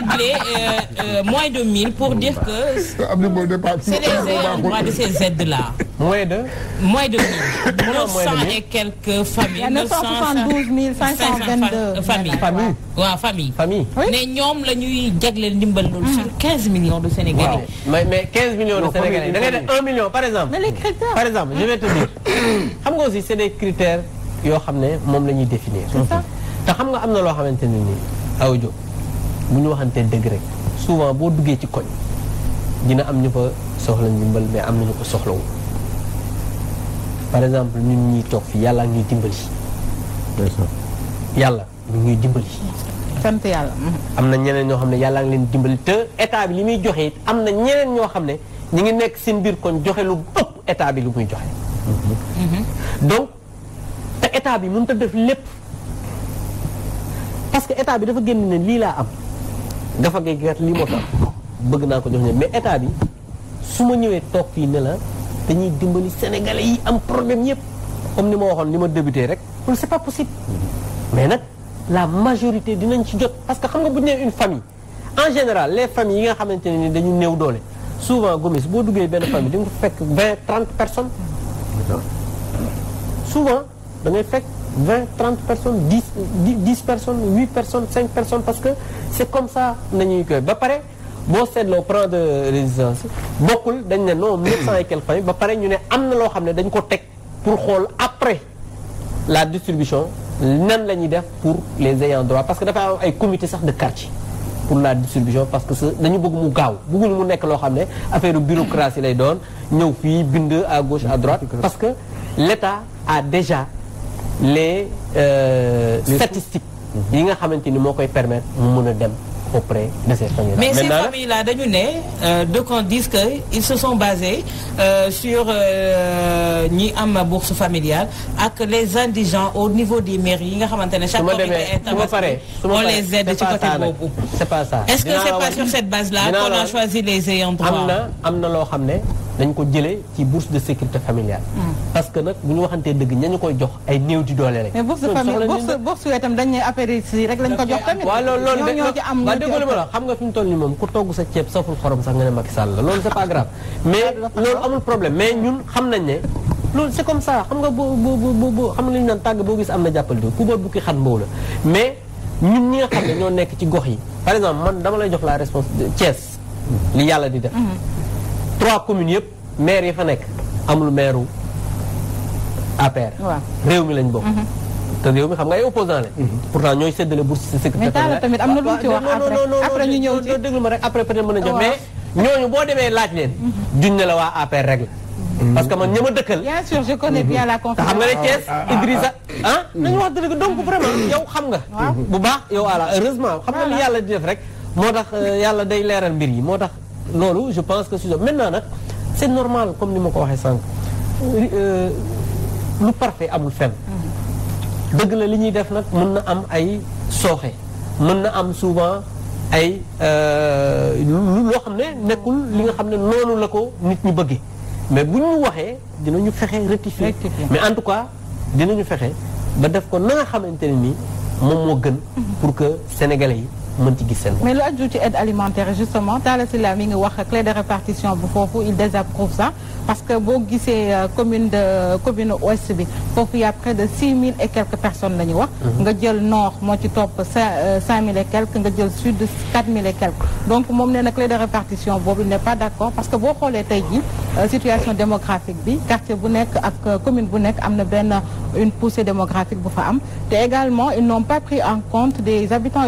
prie. moins de 1000 pour dire que. c'est moins de. moins moins de 1000 900 et quelques familles. familles. famille la ñuy jagleel ndimbal loolu sur hmm. millions de Sénégalais. 15 millions de Sénégalais da ngay def 1 million par exemple. par exemple je vais xam nga aussi c' est des yoo xam ne moom la ñuy définir. te xam nga am na loo xamante ne nii aw jo ñu waxantee dëgg souvent boo duggee ci koñ dina am ñu fa soxla ndimbal mais am na ko soxlawu par exemple ñun ñuy toog fi yàlla ñuy dimbali. yàlla ñu ñuy dimbali. sant yàlla. am na ñeneen ñoo xam ne yàlla ngi leen dimbali te état bi li muy joxe it am na ñeneen ñoo xam ne ñu ngi nekk seen biir kon joxe lu ëpp état bi lu muy joxe. Mhm. donc te état bi mënut a def lépp parce que état bi dafa génn ne lii laa am dafa gay gert lii moo tax bëgg naa ko jox ñoom mais état bi su ma ñëwee toog fii ne la dañuy dimbali sénégalais yi am problème yëpp comme ni ma waxoon ni ma débuté rek loolu c'est pas possible mais nag. la majorité dinañ ci jot parce que xam nga bu ñu nee une famille en général les familles yi nga xamante ne ni dañu néew doole souvent Gomis boo duggee benn famille di ko fekk vingt trente personnes souvent da ngay fekk vingt trente personnes dix dix personnes huit personnes cinq personnes parce que c' est comme ça nañuy koy ba pare boo seetloo plan de résistance bokkul dañ ne non neuf cent et quelques ba pare ñu ne am na loo xam ne dañ ko teg pour xool après la distribution nan la ñuy def pour les ayants droit parce que dafa am ay comité sax de quartier pour la distribution parce que dañu bëgg mu gaaw bëggul mu nekk loo xam ne affaire bureaucratie lay doon ñëw fii bind à gauche à droite parce que l'État a déjà euh, les statistiques yi nga xamante ni moo koy permettre mu mën a dem auprès de ces familles là. mais Maintenant, ces familles là dañu ne euh, deux qu'on dise que ils se sont basés euh, sur euh, ñi am bourse familiale ak les indigents au niveau des mairies yi nga xamante ne chaque comité intermédiaire on les aide ci côté boobu. c'est pas ça est-ce que c'est pas sur cette base là qu'on a choisi les ayants droit am na am na loo xam ne. dañ ko jëlee ci bourse de sécurité familiale. Hmm. parce que nag bu ñu waxantee dëgg ña ñu koy jox ay néew di doole rek. mais bourse famille bourse bourse yooyu tam dañ ne affaire yi rek lañ ko jox tamit. waaw loolu loolu ñoo ci am ñoo ci am xam nga fi mu toll nii moom ku togg sa ceeb saful xorom sax nga ne Macky Sall la loolu c'est pas grave. mais loolu amul problème mais ñun xam nañ ne. loolu c'est comme ça xam nga boo boo boo xam nga li ñu naan tàgg boo gis am na jàppal ku boobu bukki xat mbow la mais ñun ñi nga xam ne ñoo nekk ci gox yi par exemple man dama lay jox la réponse Thiès li yàlla di def hmm. trois commune yëpp maire yi fa nekk amul maireu APR. waaw réew mi lañ bokk. Mhm. te réew mi xam nga ay opposant la. Mhm. pourtant ñooy séddale bourse ci secrétaire. tamit am na lu mu ci wax après après ñëw ci déglu mën a jox ñooñu boo demee laaj leen. duñ mhm. ne la waa APR rek la. parce que man ña ma dëkkal. bien sûr la conférence. te xam nga ne Thiès ah, ah, ah, Idrissa ah. nañu wax dëgg donc vraiment yow xam nga. bu baax yow ala heureusement xam nga li yàlla di def rek. moo tax euh, yàlla day leeral mbir yi moo tax. loolu je pense que suñu maintenant nag c' est normal comme ni ma ko waxee sànq euh, lu parfait amul fenn. dëgg la li ñuy def nag mën na am ay sooxe mën na am souvent ay euh, loo xam ne nekkul li nga xam ne noonu la ko nit ñi bëggee mais bu ñu waxee dinañu fexe rectifier mais en tout cas dina ñu fexe ba def ko na nga xamante ne nii moom moo gën pour que sénégalais yi. mën ci gis seen mais lu aju ci aide alimentaire justement Talla Sylla mi ngi wax clé de répartition bu foofu il désapprouve ça parce que boo gisee euh, commune de commune ouest bi foofu y près de six mille et quelques personnes la ñu wax mhm. nga jël nord moo ci topp euh, cinq mille et quelques nga jël sud quatre mille et quelques donc moom nee na clé de répartition boobu il n'est pas d'accord parce que boo xoolee tey jii euh, situation démographique bi quartier bu nekk ak commune bu nekk am na benn une poussée démographique bu fa am te également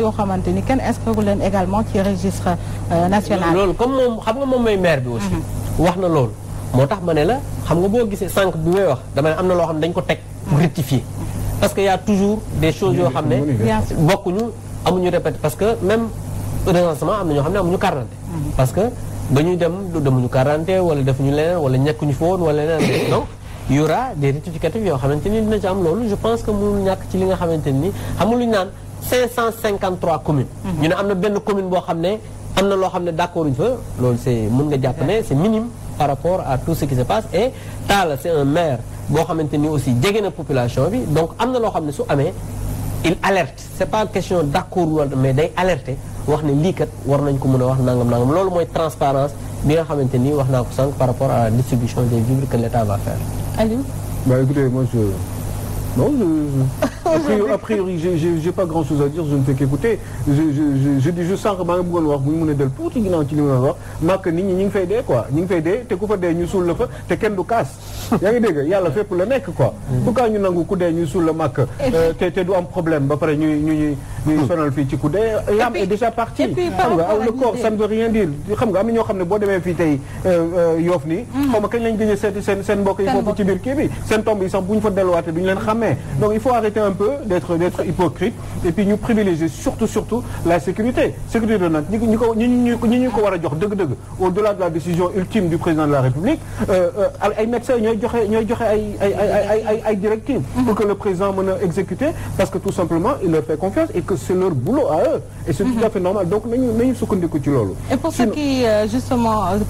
yoo xamante ni kenn inscrire gu leen également ci registre euh, loolu comme moom xam nga moom mooy maire bi mhm. wax na loolu moo tax ma ne la xam nga boo gisee sànq bi may wax dama am na loo xam ne dañ ko teg pour mhm. rectifier parce que y a toujours des choses yoo xam ne bokkuñu amuñu répété parce que même recensement am na ñoo xam ne amuñu carte mhm. parce que ba ñuy dem demuñu carte wala defuñu leneen wala ñekkuñu fa woon wala leneen donc y des rectificatifs yoo xamante ni dina ci am loolu je pense que mënul ñàkk ci li nga xamante ni xamul 553 communes. Mhm. ñu ne am na benn commune boo xam ne am na loo xam ne d'accord uñ fa loolu c'est mën nga jàpp c'est minime par rapport à tout ce qui se passe et Talla c'est un maire boo xamante ni aussi jege na population bi donc am na loo xam ne su amee il alerte c'est pas question d'accord mais day alerter wax ne lii kat war nañ ko mën a wax nangam nangam loolu mooy transparence bi nga xamante ni wax naa ko sànq par rapport à distribution des vivres que l'État va faire. Aliou. Bah écoutez, Non, je, a priori, j'ai pas grand chose à dire je ne fais qu'écouter je je je dis juste sànq maa ngi bëggoon wax bu ñu mën a del tuuti ginnaaw ci li ma wax màkk nit ñi ñu ngi fay dee quoi ñu ngi fay dee te ku fa dee ñu suul la fa kenn du kaas yaa ngi dégg yàlla fépp la nekk quoi mm. pourquoi ñu nangu ku de ñu suul la màkk euh, te te du am problème ba pare ñuy ñuy ñuy mm. sonal fii ci ku dee yaam est déjà parti xam nga le corps ça ne veut rien dire xam nga am na ñoo xam ne boo demee fi tey euh, euh, yoof nii mm. xaw ma kañ lañ gëj a seeti seen main. Donc il faut arrêter un peu d'être hypocrite et puis ñu surtout surtout la sécurité sécurité nag ñi ñu ko a jox au-delà de la décision ultime du président de la République euh, euh, ay le président mën a exécuter parce que tout simplement il leur fait confiance et que c'est leur boulot à eux et euh,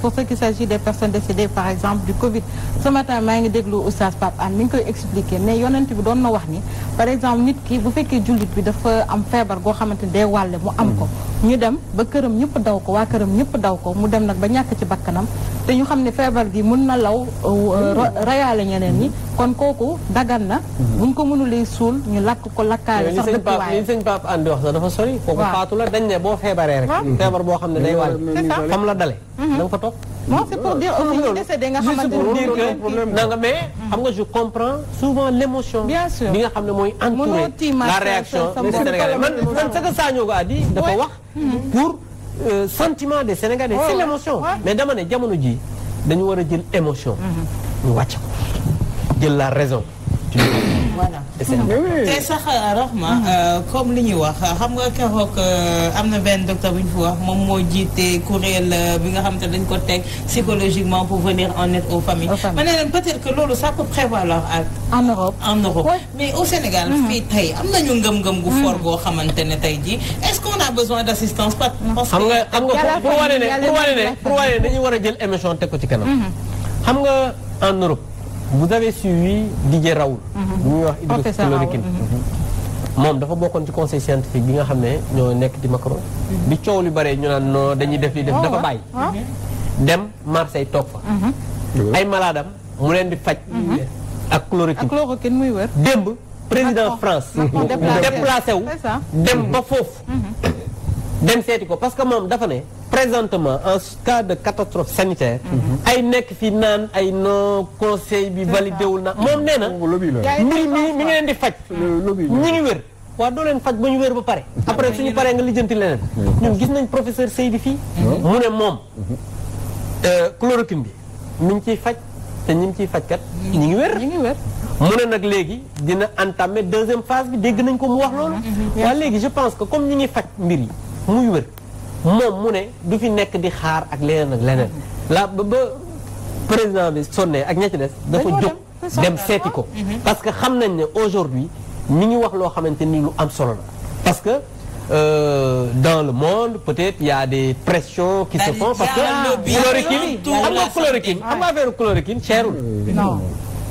pour ce qui s'agit des personnes décédées par exemple du Covid ce matin maa ngi déglu Oustaz Pape Anne mi ngi koy expliquer ne yonent bu doon na wax ni par exemple nit ki bu fekkee jullit bi dafa am feebar goo xamante ni day wàlle mu am ko mm. ñu dem ba këram ñëpp daw ko waa këram ñëpp daw ko mu dem nag ba ñàkk ci bakkanam te ñu xam ne feebar gi mun na law euh, mm. rayaale ñeneen ñi mm. kon kooku dagan na buñ ko mënulee suul ñu lakk ko lakkaale sax dëkkuwaay li dafa sori kooku faatu dañ ne boo feebaree rek feebar boo xam ne day wàll fam la dale mm-hmm. da nga fa toog non c'est pour dire nga xamante na nga mais xam nga comprends l'émotion bien bi nga xam ne mooy entourer la réaction des Sénégalais man man ce que Saniogo a dit dafa wax pour euh, sentiment des Sénégalais c'est l'émotion mais dama ne jamono ji dañu war a jël émotion mhm. ñu wàcc ko jël la raison voilà mmh. te sax euh, Rahma mmh. euh, comme li ñuy wax xam nga keroog euh, am na benn docteur bu ñu fi wax moom moo jiite kuréel bi nga xam te dañ ko teg psychologiquement pour venir en aide aux familles ma ne leen peut-être que loolu sa peut prévoir leur acte en Europe en Europe mais au Sénégal mmh. fii tey am nañu ngëm-ngëm gu fort boo xamante ne tey jii est-ce qu'on a besoin d'assistance parce que nga xam nga pour wane ne war a jël émission teg ko ci kanam xam nga en Europe vous avez suivi Didier Raoul. bu mhm. ñuy wax hydroxychloroquine. Mhm. Mhm. moom dafa bokkoon ci conseil scientifique bi nga xam ne ñoo nekk di Macron. bi coow li bare ñu naan non dañuy def li def dafa oh, bàyyi. Ah. dem Marseille toog fa. ay malaadam mu leen di faj. ak chloroquine ak chloroquine muy wér. démb président France. déplacé wu dem ba foofu. dem seeti ko parce que moom dafa ne présentement en cas de catastrophe sanitaire. Mhm. ay nekk fi naan ay non conseil bi validé wul na moom nee na. mi mi mi ngi leen di faj. ñu ngi wér. waaw doo leen faj ba ñu wér ba pare. Mhm. après suñu paree nga lijjanti leneen. ñun gis nañ professeur Seydi fii. mu ne moom. Mhm. Euh, chloroquine bi mi ngi ciy faj te ñi ngi ciy faj kat. ñu ngi wér ñu ngi wér. mu ne nag léegi dina entamer deuxième phase bi dégg nañ ko mu wax loolu. waaw léegi je pense que comme ñu ngi mbir yi. muy wér moom mu ne du fi nekk di xaar ak leneen ak leneen la ba président bi sonnee ak ña ci des dafa jóg dem seeti ko mhm. parce que xam nañ ne aujourd'hui mu ngi wax loo xamante ni lu am solo la parce que Euh, dans le monde peut-être il a des pressions qui se font parce que ah, chloroquine xam nga chloroquine xam nga affaire chloroquine cherul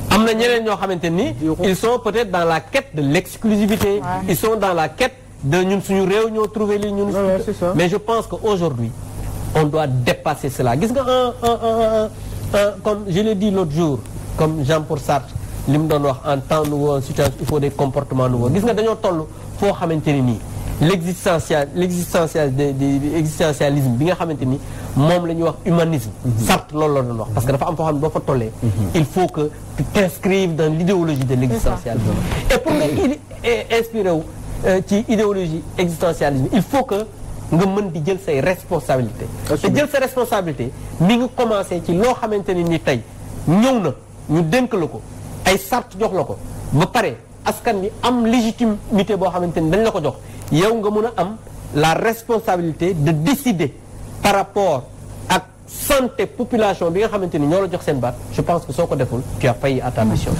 am na ñeneen ñoo xamante ni ils sont peut-être dans la quête de l'exclusivité ils sont dans la quête de ñun suñu réew ñoo trouver li ñun mais je pense que aujourd'hui on doit dépasser cela gis nga un comme je l'ai dit l'autre jour comme Jean-Paul Sartre li mu doon wax en temps nouveau en situation il faut des comportements nouveaux gis nga dañoo toll foo xamante ne nii l'existentia l'existential de existentialisme bi nga xamante ni moom la ñuy wax humanisme mhm. Sartre loolu la doon parce que dafa am foo xam ne boo fa tollee mhm. il faut que tu t'inscrives dans l'idéologie de l'existentialisme et pour nga mhm. inspiré wu Euh, ci idéologie existentialisme il faut que nga mën di jël say responsabilité te jël sa responsabilité mi ngi commencé ci loo xamante ne ni tey ñëw na ñu dénk la ko ay sart jox la ko ba pare askan bi am légitimité boo xamante ni dañ la ko jox yow nga mun a am la responsabilité de décider par rapport ak santé population bi nga xamante ni ñoo la jox seen baat je pense que soo ko deful tu a failli à mission.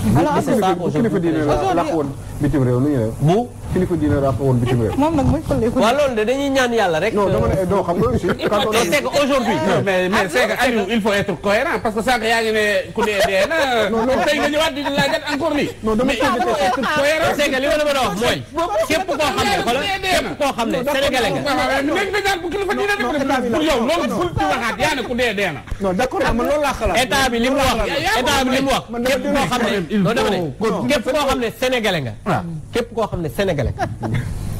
bu kilifa diine daa ko woon bitim réew. moom nag mooy fële. waaw loolu de dañuy ñaan yàlla rek. non euh, dama ne non xam nga aussi. quand on a euh, c'est que aujourd'hui. mais mais c'est que Aliou il faut être cohérent parce que sànq yaa ngi ne ku dee dee na. non non tey nga ñëwaat di laajaat encore nii. non dama tëj mais il faut être cohérent. c'est que li ma la mën a wax mooy. képp koo xam ne xoolal képp koo xam ne sénégalais nga. nekk dañu naan bu kilifa diine def rek. pour yow loolu bul ci waxaat yaa ne ku dee dee na. non d'accord man loolu laa xalaat. état bi li mu wax état bi li mu wax képp koo xam ne. non dama ne képp koo xam ne sénégalais nga. Ah. képp koo xam ne sénégalais sénégalais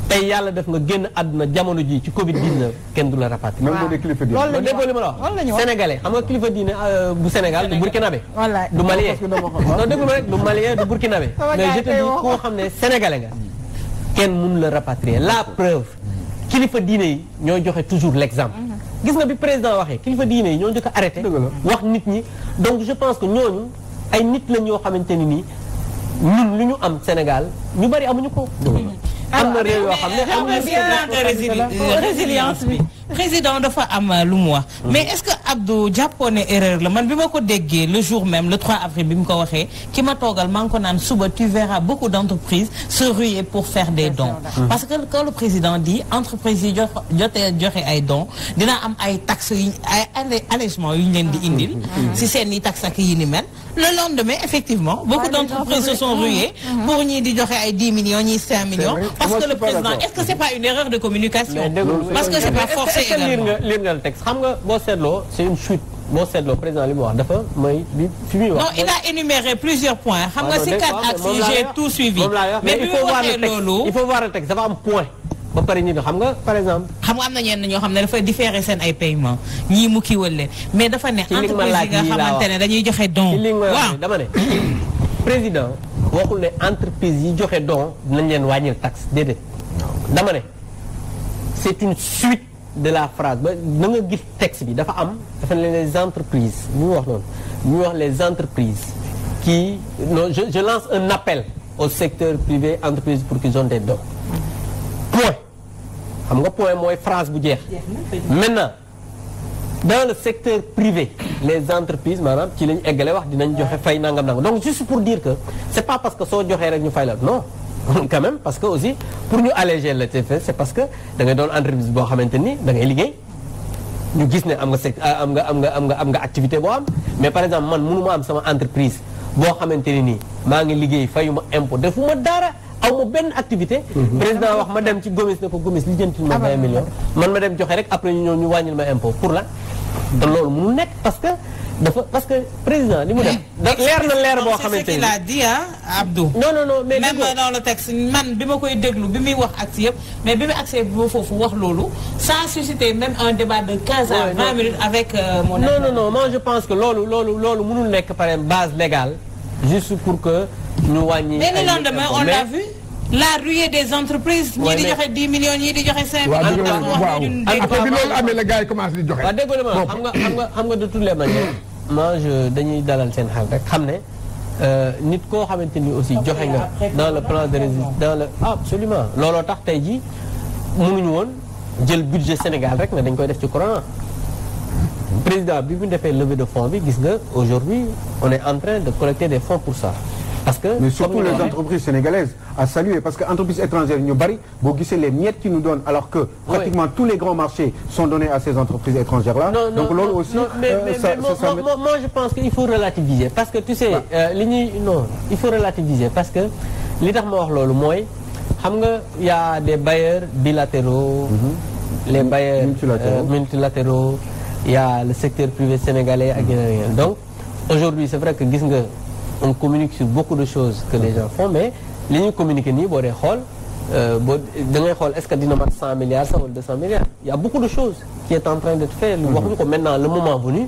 tey yàlla def nga génn àdduna jamono ji ci Covid 19 kenn du la rapatrié. waaw loolu la ñuy wax ma la wax. sénégalais xam nga kilifa diine euh, bu Sénégal du burkinabé. du malien ma du malien du burkinabé. mais koo xam ne sénégalais nga. kenn mënu la rapatrier la preuve kilifa diine yi ñooy joxe toujours l'exemple. Mhm. gis nga bi président waxee kilifa diine yi ñoo njëkk a arrêté. wax nit ñi donc je pense que ñooñu ay nit la ñoo xamante ni nii. ñun lu ñu am Sénégal ñu bari amuñu ko. Ah, am na réew yoo xam ne ah, amuñu résilience bi. président dafa am euh, lu mu wax. Hmm. mais est-ce que Abdou jàppoon ne erreur la man bi ma ko déggee le jour même le 3 avril bi mu ko waxee ki ma toogal maa ko naan suba tu verras beaucoup d'entreprises se ruer pour faire des dons. parce que quand le président di entreprise yi joxe joxe ay dons dina am ay taxes yu ay allègements yu ñu leen di hmm, hmm, indil. si seen i taxes ak yi ni mel. le lendemain effectivement beaucoup d'entreprises se sont ruées mhm. Mhm. pour ñii di joxe ay dix millions ñii cinq millions parce que le président est-ce que c'est pas une erreur de communication parce que c'est une chute président li mu wax dafa may il a énuméré plusieurs points xam nga ah si quatre axes ah, j'ai tout suivi mais il faut voir le texte dafa am point ba pare ñu xam nga par exemple. xam nga am na ñenn ñoo xam ne dafa différer seen ay paiement ñii mu kiiwal leen mais dafa ne. entreprise yi nga xamante ne dañuy joxe don. waaw dama ne président. waxul ne entreprise yi joxe don dinañ leen wàññil taxe déedéet. dama ne c'est une suite de la phrase ba na nga gis texte bi dafa am dafa ne les entreprises bu wax noonu bu wax les entreprises ki non je je lance un appel au secteur privé entreprise pour qu'ils ont des dons xam nga point mooy phrase bu jeex. maintenant dans le secteur privé les entreprises maanaam ci lañ eggale wax dinañ joxe fay nangam nangam donc juste pour dire que c'est pas parce que soo joxee rek ñu fay la non. quand même parce que aussi pour ñu alléger le TFS c'est parce que da ngay doon entreprise boo xamante ni da ngay liggéey ñu gis ne am nga sec am nga am nga am nga am nga activité boo am mais par exemple man mënu ma am sama entreprise boo xamante ne nii maa ngi liggéey fayu ma impôt defu ma dara aw ma benn activité. Mhm. président wax ma dem ci gomis na ko gomis li jëntil ma vingt millions. Ah man ma dem joxe rek après ñu ñëw ñu wàññil ma impôt pour la te loolu mënul nekk parce que dafa parce que président li mu def. leer na leer boo xamante ni non c'est ce qu'il a dit ah Abdou. non non non mais même dans man bi ma koy déglu bi muy wax ak yëpp mais bi mu accès bi ma foofu wax loolu sans susciter même un débat de 15 à 20 minutes avec euh, mon non non non moi je pense que loolu loolu loolu mënul nekk par exemple base légale. juste pour que ñu wàññi. benn lendemain on l'a vu. la ruée des entreprises. ñii di joxe 10 millions ñii di joxe 5 millions. waaw ah, bi loolu amee la gars yi commencé di joxe. waaw dégg nga xam nga xam nga xam nga de toutes les manières. moi je dañuy dalal seen xel rek xam ne euh, nit koo xamante ni aussi joxe nga dans le plan de résistance dans le ah, absolument looloo tax tey jii mënuñu woon jël budget Sénégal rek ne dañ koy def ci courant. président bi mu defee levée de fonds bi gis nga aujourd'hui on est en train de collecter des fonds pour ça parce que mais surtout les entreprises sénégalaises à saluer parce que entreprises étrangères ñu bari boo gisee les miettes qui nous donnent alors que pratiquement tous les grands marchés sont donnés à ces entreprises étrangères là donc loolu moi je pense que euh, li ñuy non wax loolu mooy xam nga y a des bailleurs bilatéraux mhm. les bailleurs multilatéraux euh, il y a le secteur privé sénégalais ak yeneen yeneen donc aujourd'hui c'est vrai que gis nga on communique sur beaucoup de choses que les gens font mais li ñuy communiquer nii boo dee xool euh, boo da ngay xool est-ce que dina mat 100 milliards sax wala 200 milliards il y a beaucoup de choses qui est en train d'être fait lu waxuñu ko maintenant le moment venu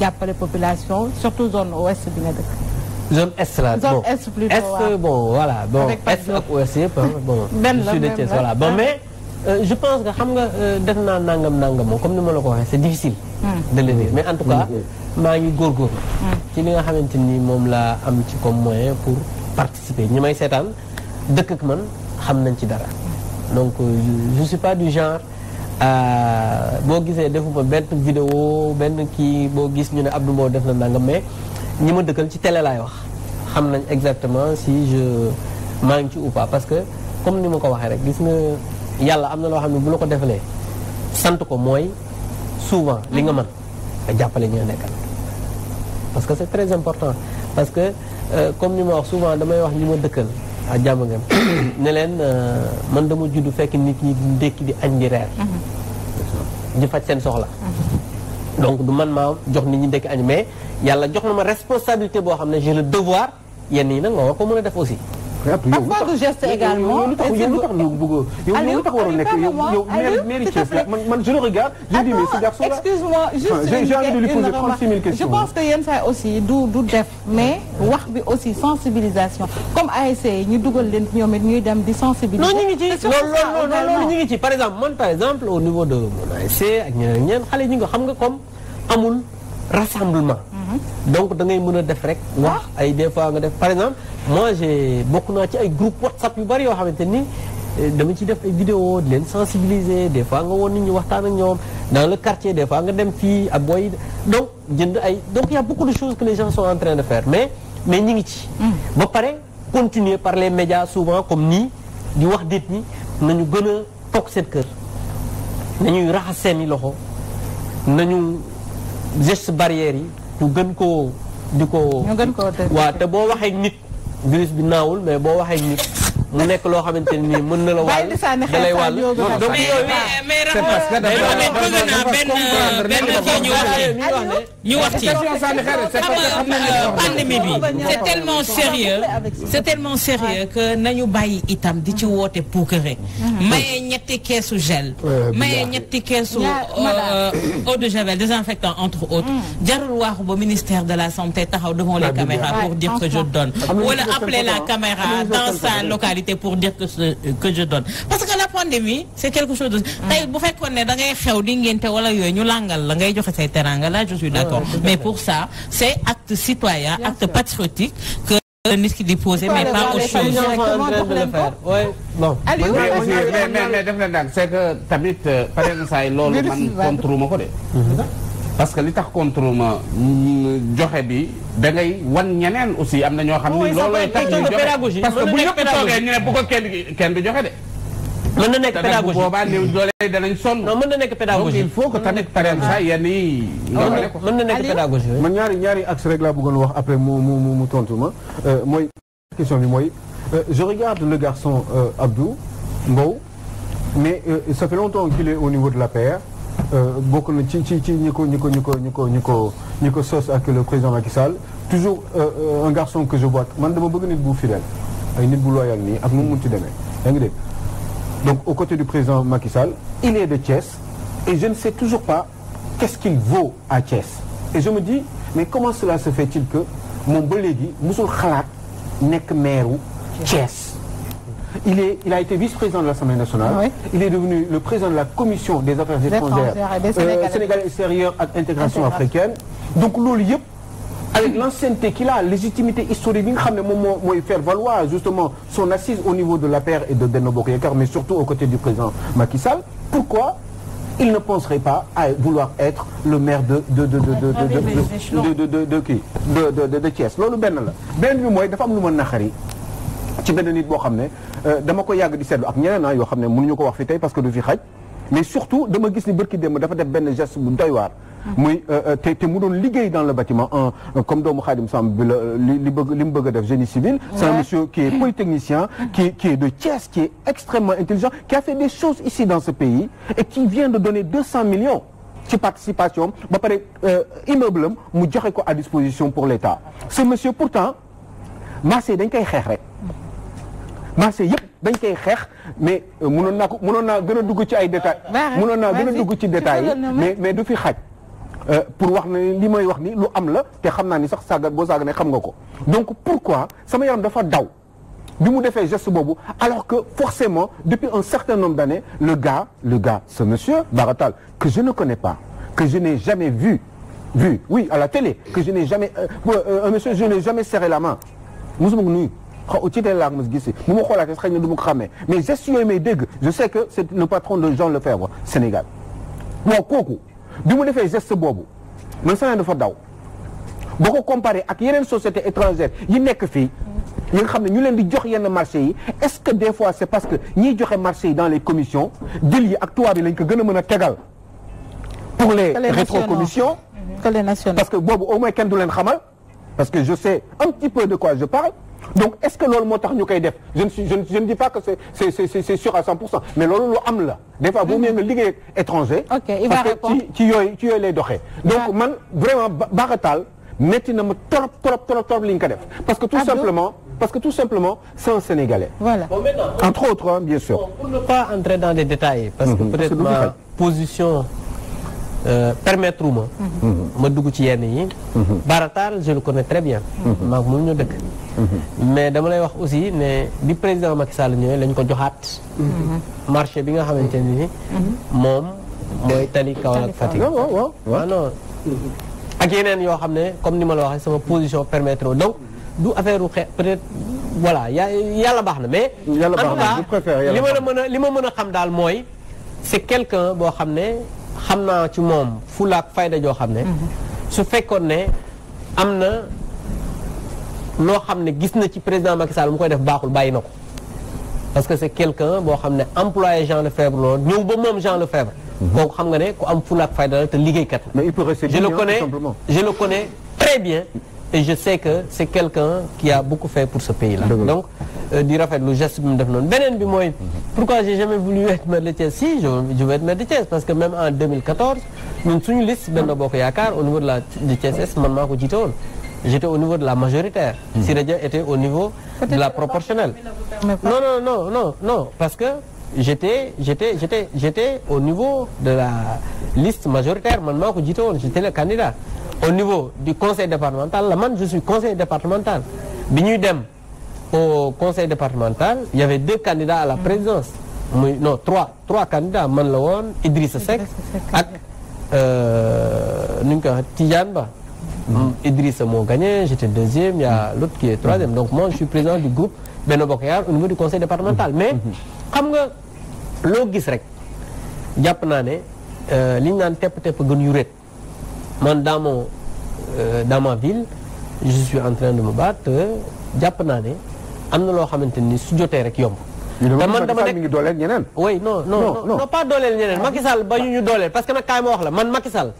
jàppale population surtout zone ouest bi nga dëkk. zone est la zone est plutôt est bon voilà bon est ak ouest yëpp bon. benn la mais. Euh, je pense que xam nga euh, def naa nangam nangam moom comme ni ma la ko waxee c'est difficile. Hmm. de le dire mais hmm. hmm. ci li nga xamante ni moom laa am ci comme moyen pour participer ñi may seetaan dëkk ak man xam nañ ci dara donc euh, je suis pas du genre. Euh, boo gisee defuma benn vidéo benn kii boo gis ñu ne Abdou Mbow def na nangam mais ñi ma dëkkal ci tele laay wax xam nañ exactement si je maa ngi ci ou pas parce que comme ni ma ko waxee rek gis nga yàlla am na loo xam ne bu la ko defalee sant ko mooy souvent li nga man nga jàppale ñoo nekkal parce que c'est très important parce que euh, comme ni ma wax souvent damay wax ñi ma dëkkal waaw ah, jàmm ngeen ne leen euh, man dama juddu fekk nit ñi di ndékki di añ di reer mhm. di faj seen soxla mhm. donc du man maa jox nit ñi ndékki añ mais yàlla jox na ma responsabilité boo xam ne j'ai le devoir yenn yi nag nga war ko mën a def aussi parfois du geste également lu tax yow lu tax waroon nekk yow mairie Thiès la man je le regarde je dis mais ce garçon là excuse-moi juste j'ai envie de lui poser 36 000 questions je pense que yenn saa aussi du du def mais wax bi aussi sensibilisation comme ASC ñu dugal leen ñoom it ñuy dem di sensibiliser. non ñu ngi ci loolu loolu ñu ngi ci par exemple man par exemple au niveau de mon ASC ak ñeneen ñeneen xale ñi nga xam nga comme amul rassemblement donc da ngay mën a def rek waa ay des fois nga def par exemple moi j'ai bokk naa ci ay groupe whatsapp yu bari yoo xamante ni eh, dama ci def ay vidéo di leen sensibiliser des fois nga woon nit ñi waxtaan ak ñoom dans le quartier des fois nga dem fii ak booy donc jënd ay donc y a beaucoup de choses que les gens sont en de faire mais mais ñi ngi ci mm. ba pare continuer par les médias souvent comme nii di wax nit ñi nañu gën a toog seen kër nañuy raxas seeni loxo nañu gestes barrières yi ñu gën koo di ko. ñu gën koo waa te boo waxee nit virus bi naawul mais boo waxee nit. mu nekk loo xamante ne nii mën na la wàll da lay wàll donc yooyu mais parce que dafa comprendre benn ñu wax ci xam nga pandémie bi c'est tellement sérieux c'est tellement sérieux que nañu bàyyi itam di ci woote puukare maye ñetti keesu gel maye ñetti keesu eau de javel désinfectant entre autres jarul waaxu ba ministère de la santé taxaw devant les caméras pour dire que je donne wala appeler la caméra dans sa localité gravité pour dire que ce, que je donne parce que la pandémie c'est quelque chose de tey bu fekkoon ne da ngay xew di ngénte wala yooyu ñu làngal la ngay joxe say teranga la je suis d'accord mais pour ça c'est acte citoyen acte patriotique que nit ki di poser mais pas autre chose bon mais mais def na daal c'est que tamit pare na saay loolu man contre ma ko de parce que li tax contre joxe bi da ngay wan ñeneen aussi am na ñoo xam ni looloo parce que bu ñëpp toogee ñu ne bu ko kenn kenn du joxe de. mën na nekk pédagogie boobaa néew doole danañ sonn. non mën na nekk pédagogie donc il faut que tamit par exemple ça yenn yi. mën na nekk pédagogie man ñaari ñaari axe rek laa bëggoon wax après mu mu mu tontu ma euh, mooy question mooy euh, je regarde le garçon euh, Abdou Mbow mais ça fait longtemps qu'il est au niveau de la PR. Euh, bokk na ci ci ci ñi ko ñi ko ñi ko ñi ko ñi ko ñi ko sos ak le président Macky Sall toujours euh, euh, un garçon que je vois man dama bëgg nit bu fidèle ay nit bu loyal nii ak nu mu munti demee yaa ngi dégg donc aux côtés du président Macky Sall il est de Thiès et je ne sais toujours pas qu'est-ce qu'il vaut à Thiès et je me dis mais comment cela se fait-il que moom ba léegi musul xalaat nekk maire u Il, est, il a été vice-président de l'Assemblée nationale. Oui. Il est devenu le président de la commission des affaires étrangères Sénégal extérieur intégration africaine. donc loolu yëpp avec l'ancienneté qu'il a légitimité historique bi nga xam ne moom moo mooy faire valoir justement son assise au niveau de l'APR et de Benno Bokk Yakaar mais surtout aux côtés du président Macky Sall pourquoi il ne penserait pas à vouloir être le maire de de de de de ci benn nit boo xam ne euh, dama ko yàgg di seetlu ak ñeneen ah yoo xam ne mënuñu ko wax fi tey parce que du fi xaj mais surtout dama gis ni bërki démb dafa def benn geste bu doy waar. Hmm. muy euh, euh, te te mu doon liggéey dans le bâtiment comme doomu Khadim Samb bi la li li bëgg li mu bëgg a def génie civil. c'est un monsieur qui est polytechnicien. qui qui est de Thiès qui est extrêmement intelligent qui a fait des choses ici dans ce pays et qui vient de donner 200 millions. ci participation ba pare immeuble am mu joxe ko à disposition pour l'État ce monsieur pourtant marché dañ koy xeex rek. marché yëpp dañ koy xeex mais euh, mënoon naa ko mënoon naa gën a dugg ci ay détails mënoon naa gën a dugg ci détails yi mais mais du fi xaj euh, pour wax ne li may wax ni lu am la te xam naa ni sax saaga boo saaga ne xam nga ko donc pourquoi sama yaram dafa daw bi mu defee geste boobu alors que forcément depuis un certain nombre d'années le gars le gars ce monsieur Baratal que je ne connais pas que je n'ai jamais vu oui à la télé que je n'ai jamais euh, euh, un monsieur serré la main mosuma ko xaw ci télé laa ko mos gis bu ma xoolaatee xëy na du ma ko xàmmee mais gestes yooyu may dégg je sais que c'est le patron de Jean Lefebvre Sénégal waaw kooku bi mu defee geste boobu man se dafa daw boo ko comparé ak yeneen sociétés étrangères yi nekk fii ñi nga xam ne ñu leen di jox yenn marché yi est-ce que des fois c'est parce que ñiy joxe marché yi dans les commissions jël yi ak tubaab yi lañ ko gën a mën a tegal pour les rétrocommissions parce que boobu au moins kenn du leen xamal parce que je sais un petit peu donc est-ce que loolu moo tax ñu koy def je ne suis je ne je ne dis pas que c'est c'est c'est mais loolu lu am la des fois mhm. que ci ci yooyu ah. donc vraiment baaxataal métti na ma trop ko def. parce que tout simplement parce que tout simplement c'est un entre autres bien sûr. pas entrer dans les détails. parce que mhm. peut-être Euh, permettre ma. Mhm. ma dugg ci yenn yi. Mhm. Baratal je le connais très bien. Mhm. maak moom ñu dëkk. mais dama lay wax aussi ne bi président Macky Sall ñëwee lañ ko joxaat. marché bi nga xamante ne mooy Tali Kaolack Fatick. waaw oh, oh, oh. ah, yeneen yoo xam ne comme ni ma la waxee sama position permetre donc du affaire u xeet peut-être. ya yàlla baax na mais. yàlla li ma mën a xam daal mooy c'est quelqu'un boo xam ne. xam naa ci moom fulaak fayda joo xam ne mhm. su fekkoon ne am na loo xam ne gis na ci président Macky Sall mu koy def baaxul bàyyi na ko parce que c' est quelqu'un boo xam ne employé Jean Lefebvre loolu ñëw ba moom Jean Lefebvre mhm. kooku xam nga ne ku am fulaak fayda la te liggéey la je le connais je le connais très bien et je sais que c'est quelqu'un qui a beaucoup fait pour ce pays là donc euh, di rafetlu geste bi mu def noonu beneen bi mooy mhm. pourquoi j'ai jamais voulu être maire de Thiès si je, je veux être maire de Thiès parce que même en 2014 ñun suñu liste Benno Bokk Yaakaar au niveau de la de Thiès man maa ko jiite woon j'étais au niveau de la majoritaire mhm. Siré Dia était au niveau de la proportionnelle non non non non non parce que j'étais j'étais j'étais j'étais au niveau de la liste majoritaire man maa ko jiite woon j'étais le candidat au niveau du conseil départemental la man je suis conseil départemental bi ñuy dem au conseil départemental il y avait deux candidats à la mm. présidence muy non trois trois candidats man la woon Idrissa Seck ak euh, nu ñu koy waxee Tidiane Ba mm. Mm, Idrissa moo gagné j'étais deuxième il y a l'autre qui est troisième donc moi je suis président du groupe Benno Bokk au niveau du conseil départemental mais mm-hmm. xam nga loo gis rek jàpp naa ne euh, li ñu naan tepp tepp gën yu réet man dans mon euh, dans ma ville je suis en train de me jàpp naa ne am na loo xamante ni su jotee rek yomb. te man dama nekk mi ngi dooleel ñeneen. oui non non non pas dooleel ñeneen ah. Macky Sall ba ñu ñu dooleel parce que nag kaay ma wax la man Macky Sall.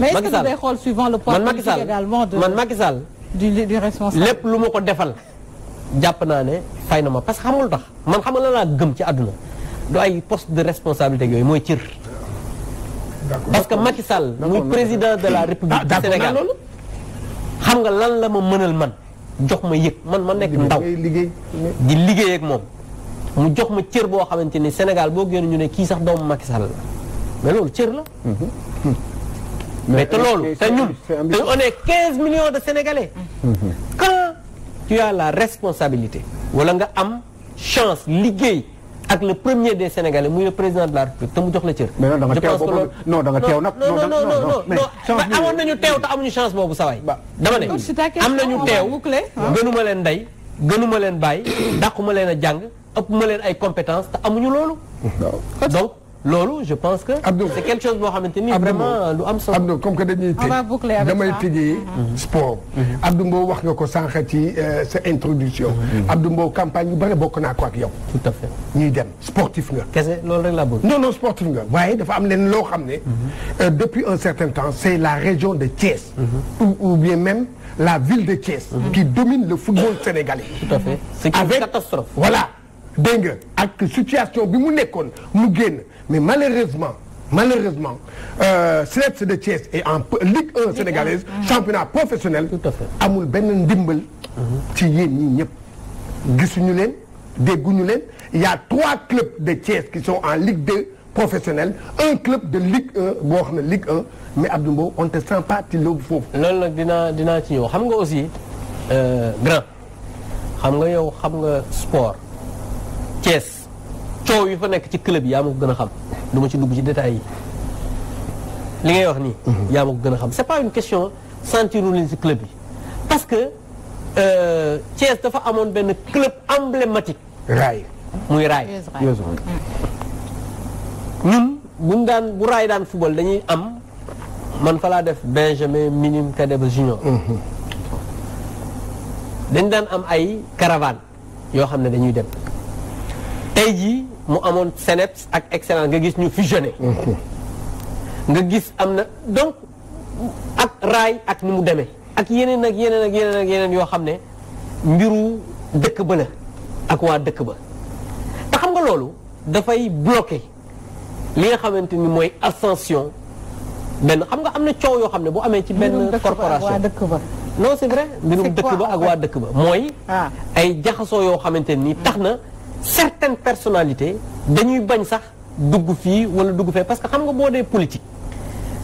mais est-ce que da ngay xool suivant le point de man Macky Sall du du lépp lu ma ko defal jàpp naa ne fay na ma parce que xamul tax man xam nga la laa gëm ci àdduna. du ay poste de responsabilité yooyu mooy cër. parce que Macky Sall muy président de la république ah, du Sénégal xam nga lan la ma mënal man jox ma yëg man ma nekk ndaw di liggéey ak moom mu jox ma cër boo xamante ni Sénégal boo génn ñu ne kii sax doomu Macky Sall la mais cër la mhm. Mhm. te loolu te ñun te on est 15 de Sénégalais mhm. quand la responsabilité wala nga am chance liggéey ak le premier de sénégalais muy le président de la république te mu jox la cër. je pense que loolu non da nga teew nag. non non non non mais amoon nañu teew te amuñu chance boobu sawaay dama ne am nañu teew gënuma leen ndey gënuma leen bàyyi dàquma leen a jàng ëpp ma leen ay compétence te amuñu loolu donc loolu je pense que. Abdou c'est quelque chose boo xamante ni vraiment lu am solo. Abdou comme que dañuy tëj damay tëjee sport. Mhm. Abdou Mbow wax nga ko sànq ci euh, sa introduction. Mhm. Abdou Mbow campagne yu bëri bokk naa ko ak yow. tout à fait ñuy dem sportif nga. kese loolu rek laa bëgg. non non sportif nga waaye dafa am leen loo xam ne. Mhm. Euh, depuis un certain temps c'est la région de Thiès. ou bien même. la ville de Thiès. Mm -hmm. qui domine le football sénégalais. tout à fait c'est une catastrophe. voilà dégg nga ak situation bi mu nekkoon mu génn mais malheureusement malheureusement euh, CNEPS de Thiès et en Ligue 1 sénégalaise championnat professionnel amul benn ndimbal ci yéen ñi ñëpp gisuñu leen dégguñu leen il y a trois clubs de Thiès qui sont en Ligue 2 professionnelle un club de Ligue 1 boo xam ne Ligue mais Abdou Mbow on te sent pas ci loolu foofu loolu nag dinaa dinaa ci ñëw xam nga aussi euh, grand xam nga yow xam nga sport coow yu fa nekk ci club yi yaa ma ko gën a xam du ma ci dugg ci détails li ngay wax nii. Mhm. yaa ko gën a xam c'est pas une question sentiru leen ci club yi parce que euh, Thiès dafa amoon benn club emblématique. raay muy raay. Mm. ñun buñ daan bu raay daan football dañuy am man fa laa def Benjamin minime Kadeba junior. Mhm. dañ daan am ay caravane yoo xam ne dañuy dem tey mu amoon CNEPS ak excellence nga gis ñu fusionné. nga gis am na donc ak raay ak ni mu demee. ak yeneen ak yeneen ak yeneen ak yeneen yoo xam ne mbiru dëkk ba la ak waa dëkk ba te xam nga loolu dafay bloqué li nga xamante ni mooy ascension benn xam nga am na coow yoo xam ne bu amee ci benn corporation non c'est vrai mbirum dëkk ba ak waa dëkk ba mooy ah. ay jaxasoo yoo xamante nii tax na certaines personnalités dañuy bañ sax dugg fii wala dugg fee parce que xam nga boo dee politique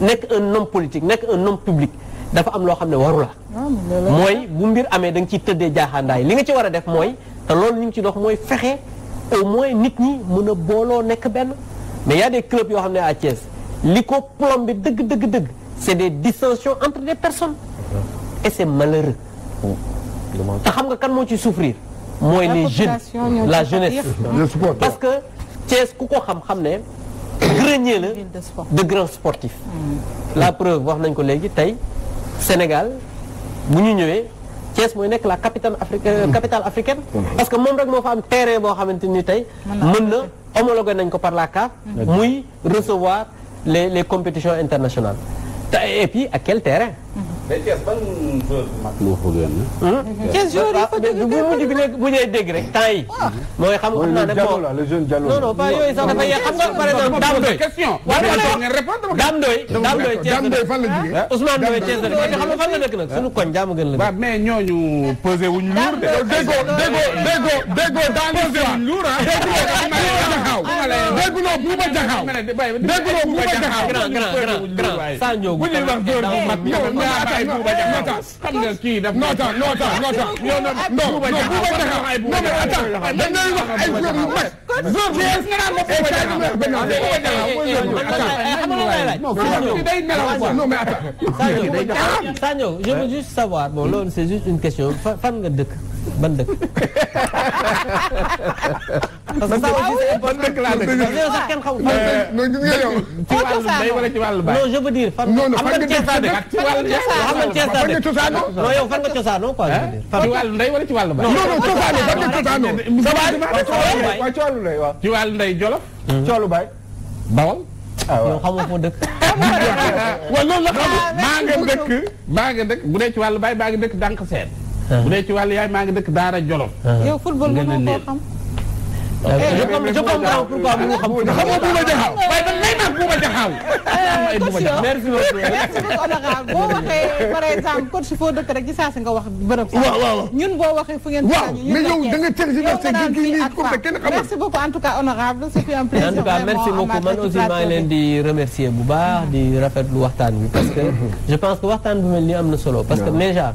nekk un homme politique nekk un homme publique dafa am loo xam ne waru ah, la mooy bu mbir amee da nga ciy tëddee jaaxaandaay li nga ci war a def mooy te loolu ñu ngi ci dox mooy fexe au moins nit ñi mën a booloo nekk benn mais y a des clubs yoo xam ne à Thiès li ko plombé dëgg dëgg dëgg c'est des dissensions entre des personnes mm-hmm. et c'est malheureux mm-hmm. te xam nga kan moo ci souffrir mooy les jeunes la jeunesse. parce que Thiès ku ko xam-xam ne. grenier la de grands sportifs. Hmm. la preuve wax nañ ko léegi tey Sénégal bu ñu ñëwee Thiès mooy nekk la capitale africaine euh, capitale africaine. Hmm. parce que moom rek moo fa am terrain boo xamante ni tey. mën na homologué nañ ko par la CAF. Hmm. muy recevoir les les compétitions internationales. te et puis à quel terrain. mais Thiès ban joueur bu mag moo fa génn. Ah? Thiès joueur yi fa dégg bu bu ñuy dégg rek temps yi. Ah. mooy xam xam naa ne moom le jeune Diallo non non pas yooyu sax dafa yéex xam nga par exemple Dame Ndoye. Dame ah. Ndoye Dame Ndoye Thiès la fan la jógee. Ousmane Ndoye Thiès la dëkk xam nga fan la dëkk nag suñu koñ jaamu gën la. waaw mais ñooñu posé wuñ luur de. déggoo déggoo déggoo déggoo posé wuñ luur ah. dégguloo Bouba Diakhao dégguloo Bouba Diakhao dégguloo Bouba Diakhao bàyyi Bouba Diakhaw xam nga kii daf non non non non non non Bouba Diakhaw ay Bouba Diakhaw non mais attends dañuy wax ay góor yu mag góor bu yees nga naan ma Bouba Diakhaw Bouba Diakhaw mooy góor attends day melaw quoi non mais attends Sango je veux juste savoir bon loolu c'est juste une question fan nga dëkk ban dëkk parce que ça aussi c'est ah important sax kenn xamul. Euh, non gis nga yow. ci wàllu mbay wala ci wàllu baay. non je veux dire fan. non non fan nga cosaanoo ak ci wàllu mbay. fan nga cosaanoo non yow fan nga cosaanoo quoi. ci wàllu ndey wala ci wàllu baay. non non cosaanoo fan nga cosaanoo. waaw ci wàllu ndey waaw. ci wàllu ndey Jolof. Hmm. ci wàllu baay. Bawol. ah waaw yow xamoo foo dëkk. waaw loolu la xamul ah, maa nga dëkk. maa nga dëkk bu dee ci wàllu baay maa nga dëkk Dànk Seen. Ah. bu dee ci wàllu yaay maa nga dëkk Daara Jolof. yow football nga moo ko xam Eh, eh, je comprends pourquoi mu xam nga Bouba Diakhao waaye man nay naan Bouba Diakhao. Eh, merci beaucoup merci beaucoup Onaga boo waxee par exemple coach foo dëkk rek ci saa si nga wax bërëb. waaw waaw ñun boo waxee fu ngeen. waaw mais yow da nga tergiversé gi gi nii ku ne kenn xamul. merci beaucoup en tout cas honorable c'est un plaisir. en tout cas merci beaucoup man aussi maa ngi leen di remercier bu baax di rafetlu waxtaan bi parce que je pense que waxtaan bu mel nii am na solo. parce que déjà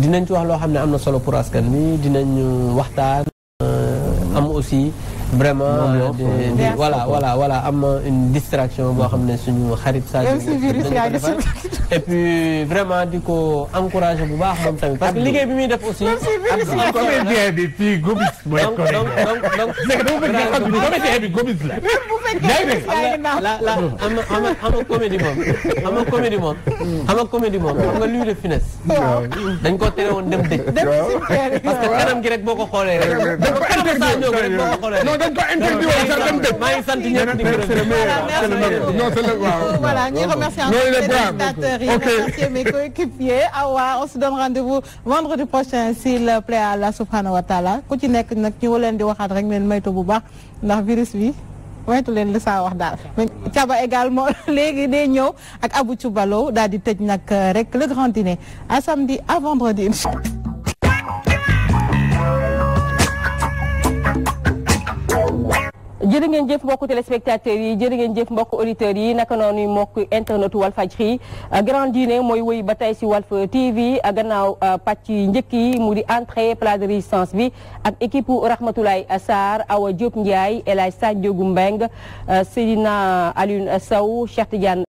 dinañ ci wax loo xam ne am na solo pour askan bi dinañ waxtaan euh, am aussi. vraiment euh, voilà voilà voilà am une distraction boo xam ne suñu xarit saa et puis vraiment di ko encourager bu baax moom tamit parce que liggéey bi muy def aussi comédien bi fii gobis mooy comédien comédien bi gobis la la la ama ama ama comédie moom ama comédie moom ama comédie moom xam nga luy de finesse dañ ko tere woon dem dëj parce que kanam gi rek boo ko xoolee rek dañ ko interdit woon sax dem dëj. maa ngi on se donne rendez vendredi prochain s'il plaît à Allah subhanahu wa ku ci nekk nag ñu leen di waxaat rek leen maytu bu baax ndax virus bi moytu leen li saa wax daal caba également léegi day ñëw ak abu Thioubalo daal di tëj nag euh, rek le grand dîner à samedi à vendredi jërë ngeen jëf mbokku téléspectateurs yi jërë ngeen jëf mbokku auditeurs yi naka noonu mbokku internet Walfadjri grand dîner mooy woy ba tey si Walf TV gannaaw euh, pàcc yi njëkk yi mu di entrée plat de résistance bi ak équipe Rahmatoulaye Sarr Awa Diop Ndiaye El Hadj Sadiogu Mbeng euh, Seydina Alioune Sow Cheikh Tidiane